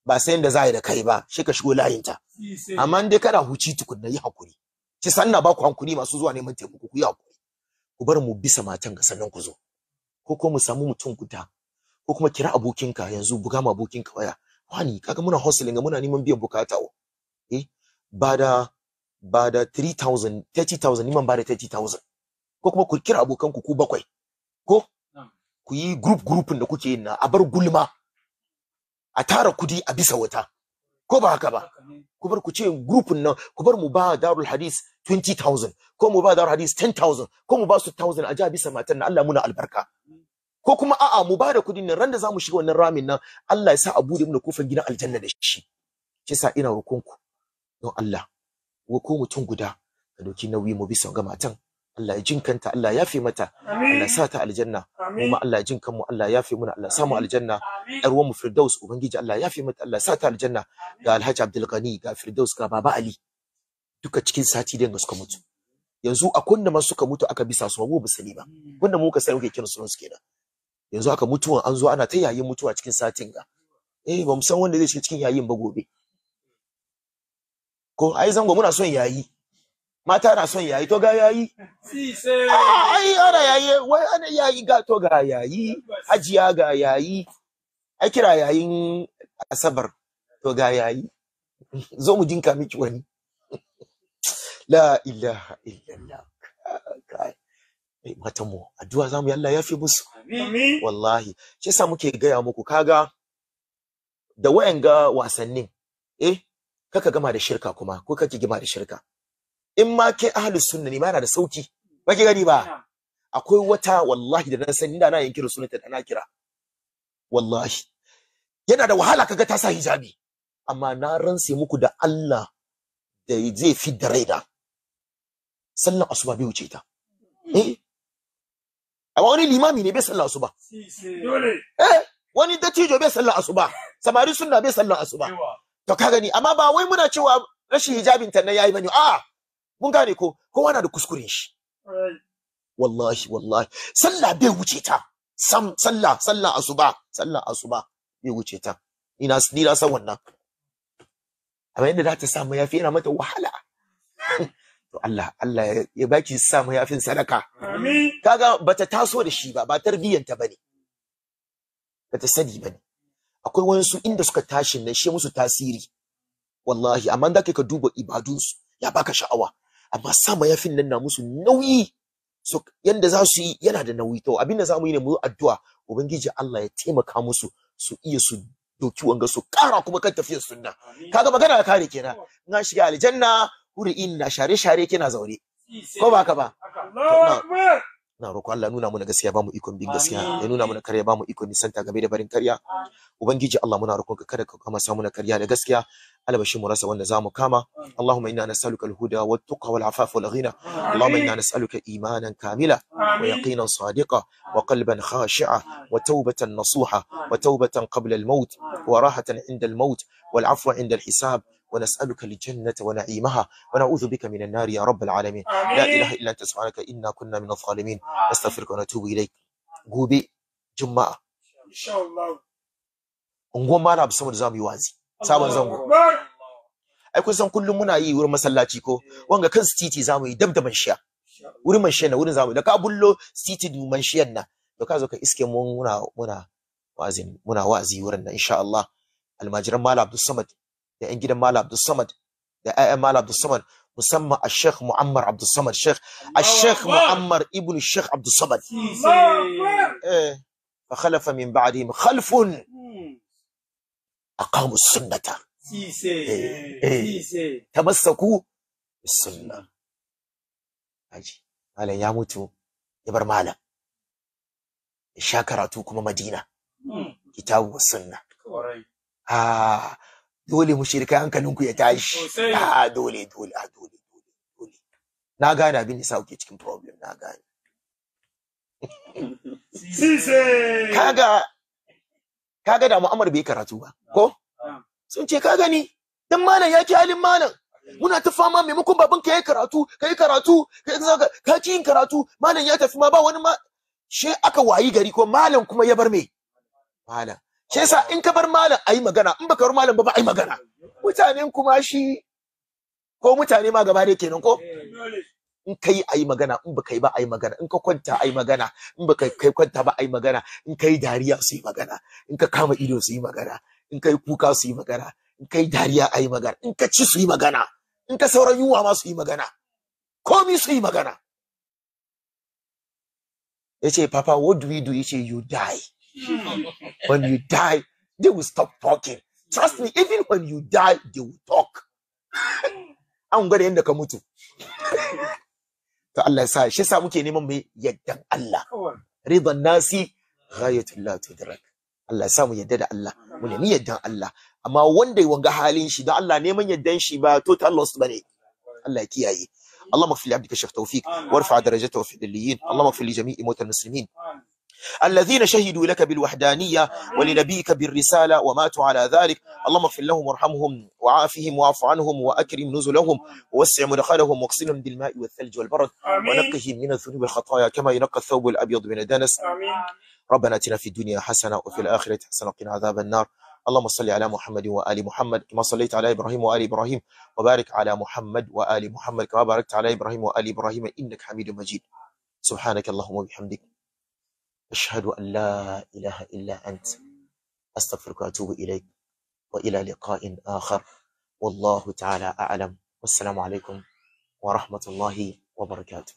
ba sai da za yi da kai ba shi ka shigo layinta amma dai kana huci tukunna yi hakuri ki sanna ba ku hankuri masu zuwa neman taimako ku yi hakuri ku bar mu bisa matan ga sannan ku zo ko kuma mu samu mutum guda ko kuma kira abokinka yanzu buga ma abokinka waya wani kaga muna hustling muna neman biyan bukata wa? eh ba da ba da 3000 30000 neman ba da 30000 ko kuma ku kira abokanku ku bakwai ko ku yi group groupin da kuke yin na a bar gulma a tara kudi a bisa wata ko ba haka ba ku bar ku ce grupin nan ku bar mu ba darul hadis 20000 ko mu ba darul hadis 10000 ko mu ba su 1000 a ja bisa matan na Allah muna albarka ko kuma a'a mu ba da kudin nan randa zamu shiga wannan ramin nan Allah ya sa a bude mu kofar gidan aljanna da shi shi sa ina roƙonku don Allah ko mutum guda ka doki nauyi mu bisa ga matan Allah ya jinkanta Allah ya fi mata Allah sa ta aljanna mu ma Allah ya jinkan mu Allah ya fi muna Allah sa mu aljanna yar mu Firdaus ubangiji Allah ya fi mata Allah sa ta aljanna ga Alhaji Abdul Ghani ga Firdaus ga Baba Ali duka cikin sati da suka mutu yanzu a kunna ma suka mutu aka bisa su ba sani ba wanda mu ka sai muke kiran sunan su kenan yanzu aka mutu an zo ana ta yayin mutuwa cikin satin ga eh ba mu san wanda zai shiga cikin yayin ba gobe ko ai zango muna son yayi mata na son yayi to ga yayi ah, ai ana yayi wai ana yayi ga to ga yayi hajiya ga yayi ai kira yayin asabar to ga yayi zo mu jinka miki wani la ilaha illallah ai mata mu addu'a zamu yi Allah ya fi musu wallahi shi yasa muke gaya muku kaga da wayan ga wasannin eh kaka gama da shirka kuma ko kake gama da shirka in ma kai ahlus sunna ne ma yana da sauki ba ki gani ba akwai wata wallahi da na sani da na kira sunnata da na kira wallahi yana da wahala kaga ta sa hijabi amma na ranse muku da Allah da zai fi da raida sallan asuba bai wuce ta hmm. eh amma wani limami ne bai sallan asuba eh wani dattijo bai sallan asuba samari sunna bai sallan asuba to ka gani amma ba wai muna cewa rashin hijabin ta nan yayi bane a'a mun gane ko kowa na da kuskuren shi wallahi wallahi sallah bai wuce ta sam sallah sallah asuba sallah asuba bai wuce ta ina ni na san wannan amma inda za ta samu yafi yana mata wahala to Allah Allah ya baki samu yafin sadaka amin kaga bata taso da shi ba ba tarbiyyanta bane bata sani bane akwai wasu inda suka tashi ne shi musu tasiri wallahi amma da ka duba ibadunsu ya baka sha'awa amma sa mayafin nan na musu nauyi so yanda za su yi yana da nauyi to abin da zamu yi ne mu addu'a ubangiji Allah ya taimaka musu su iya su doki wanga su kara kuma kan tafiyar sunna kaga magana ka kare kenan na shiga aljanna huri'in na share share kina zaure ko ba ka ba na roƙo Allah nuna mana gaskiya ba mu ikon bin gaskiya ya nuna mana karya ba mu ikon nisanta game da barin karya ubangiji Allah muna roƙon ka kada ka kama samu na karya da gaskiya albashin mu rasa wanda zamu kama Allahumma inna nas'aluka al-huda wat tuqa wal afafa wal ghina Allahumma inna nas'aluka imanan kamila wa yaqinan sadiqa wa qalban khashi'a wa tawbatan nasuha wa tawbatan qabla al-maut wa rahatan inda al-maut wal afwa inda al-hisab ونسألك الجنة ونعيمها ونعوذ بك من النار يا رب العالمين لا إله إلا أنت سبحانك إنا كنا من الظالمين نستغفرك ونتوب إليك gobe juma'a unguwar malam Abu Samad zamu yi wazi sabon zango ai kullum muna yi wurin masallaci ko wanga kan titi zamu yi dab da manshiya wurin manshiya na wurin zamu yi da ka bullo titi du manshiyan na da ka zo ka iske mu muna muna wazi muna wazi wurin nan malam Samad da 'yan gidan Malam Abdul Samad da 'ya'yan Malam Abdul Samad musamman a Sheikh Muammar Abdul Samad Sheikh a Sheikh Muammar ibn Sheikh Abdul Samad eh fa khalafa min ba'dihim khalfun hmm. aqamu sunnata eh, eh. tamassaku sunna aji malam ya mutu ya bar malam ya sha karatu kuma Madina hmm. kitabu sunna ah dole mu shirka hankalinku ya tashi a ah, dole dole a ah, dole dole dole na gane abin da sauke cikin problem na gane kaga kaga da mu'amar bai karatu ba ko sun ce kaga ni. dan malam ya ki halin malam muna ta fama maimakon baban ka yi karatu ka yi karatu ka ki karatu malam ya tafi ma ba wani ma she aka wayi gari ko malam kuma ya bar me malam shi yasa in ka bar malam ayi magana in baka bar malam ba ba ayi magana mutanen kuma shi ko mutane ma gaba ne kenan ko in kai ayi magana in baka yi ba ayi magana in ka kwanta ayi magana in baka kai kwanta ba ayi magana in kai dariya su yi magana in ka kama ido su yi magana in kai kuka su yi magana in kai dariya ayi magana in ka ci su yi magana in ka sauran yunwa ma su yi magana komi su yi magana yace papa what do we do yace you die when you die, they will stop talking. Trust me, even when you die, they will talk. An gwada yadda ka mutu. To Allah sa, shi sa muke neman mai yaddan Allah. Ridan nasi ghayatullah tudrak. Allah sa mu yadda da Allah, mu nemi yaddan Allah. Amma wanda ya wanga halin shi da Allah neman yaddan shi ba total loss bane. Allah ya kiyaye. اللهم اغفر لعبدك الشيخ توفيق وارفع درجته في العليين اللهم اغفر لجميع موتى المسلمين الذين شهدوا لك بالوحدانية ولنبيك بالرسالة وماتوا على ذلك اللهم اغفر لهم وارحمهم وعافهم واعف عنهم وأكرم نزلهم ووسع مدخلهم واغسلهم بالماء والثلج والبرد ونقهم من الذنوب والخطايا كما ينقى الثوب الأبيض من الدنس ربنا اتنا في الدنيا حسنة وفي الآخرة حسنة وقنا عذاب النار اللهم صل على محمد وآل محمد كما صليت على إبراهيم وآل إبراهيم وبارك على محمد وآل محمد كما باركت على إبراهيم وآل إبراهيم إنك حميد مجيد سبحانك اللهم وبحمدك أشهد أن لا إله إلا أنت أستغفرك وأتوب إليك وإلى لقاء آخر والله تعالى أعلم والسلام عليكم ورحمة الله وبركاته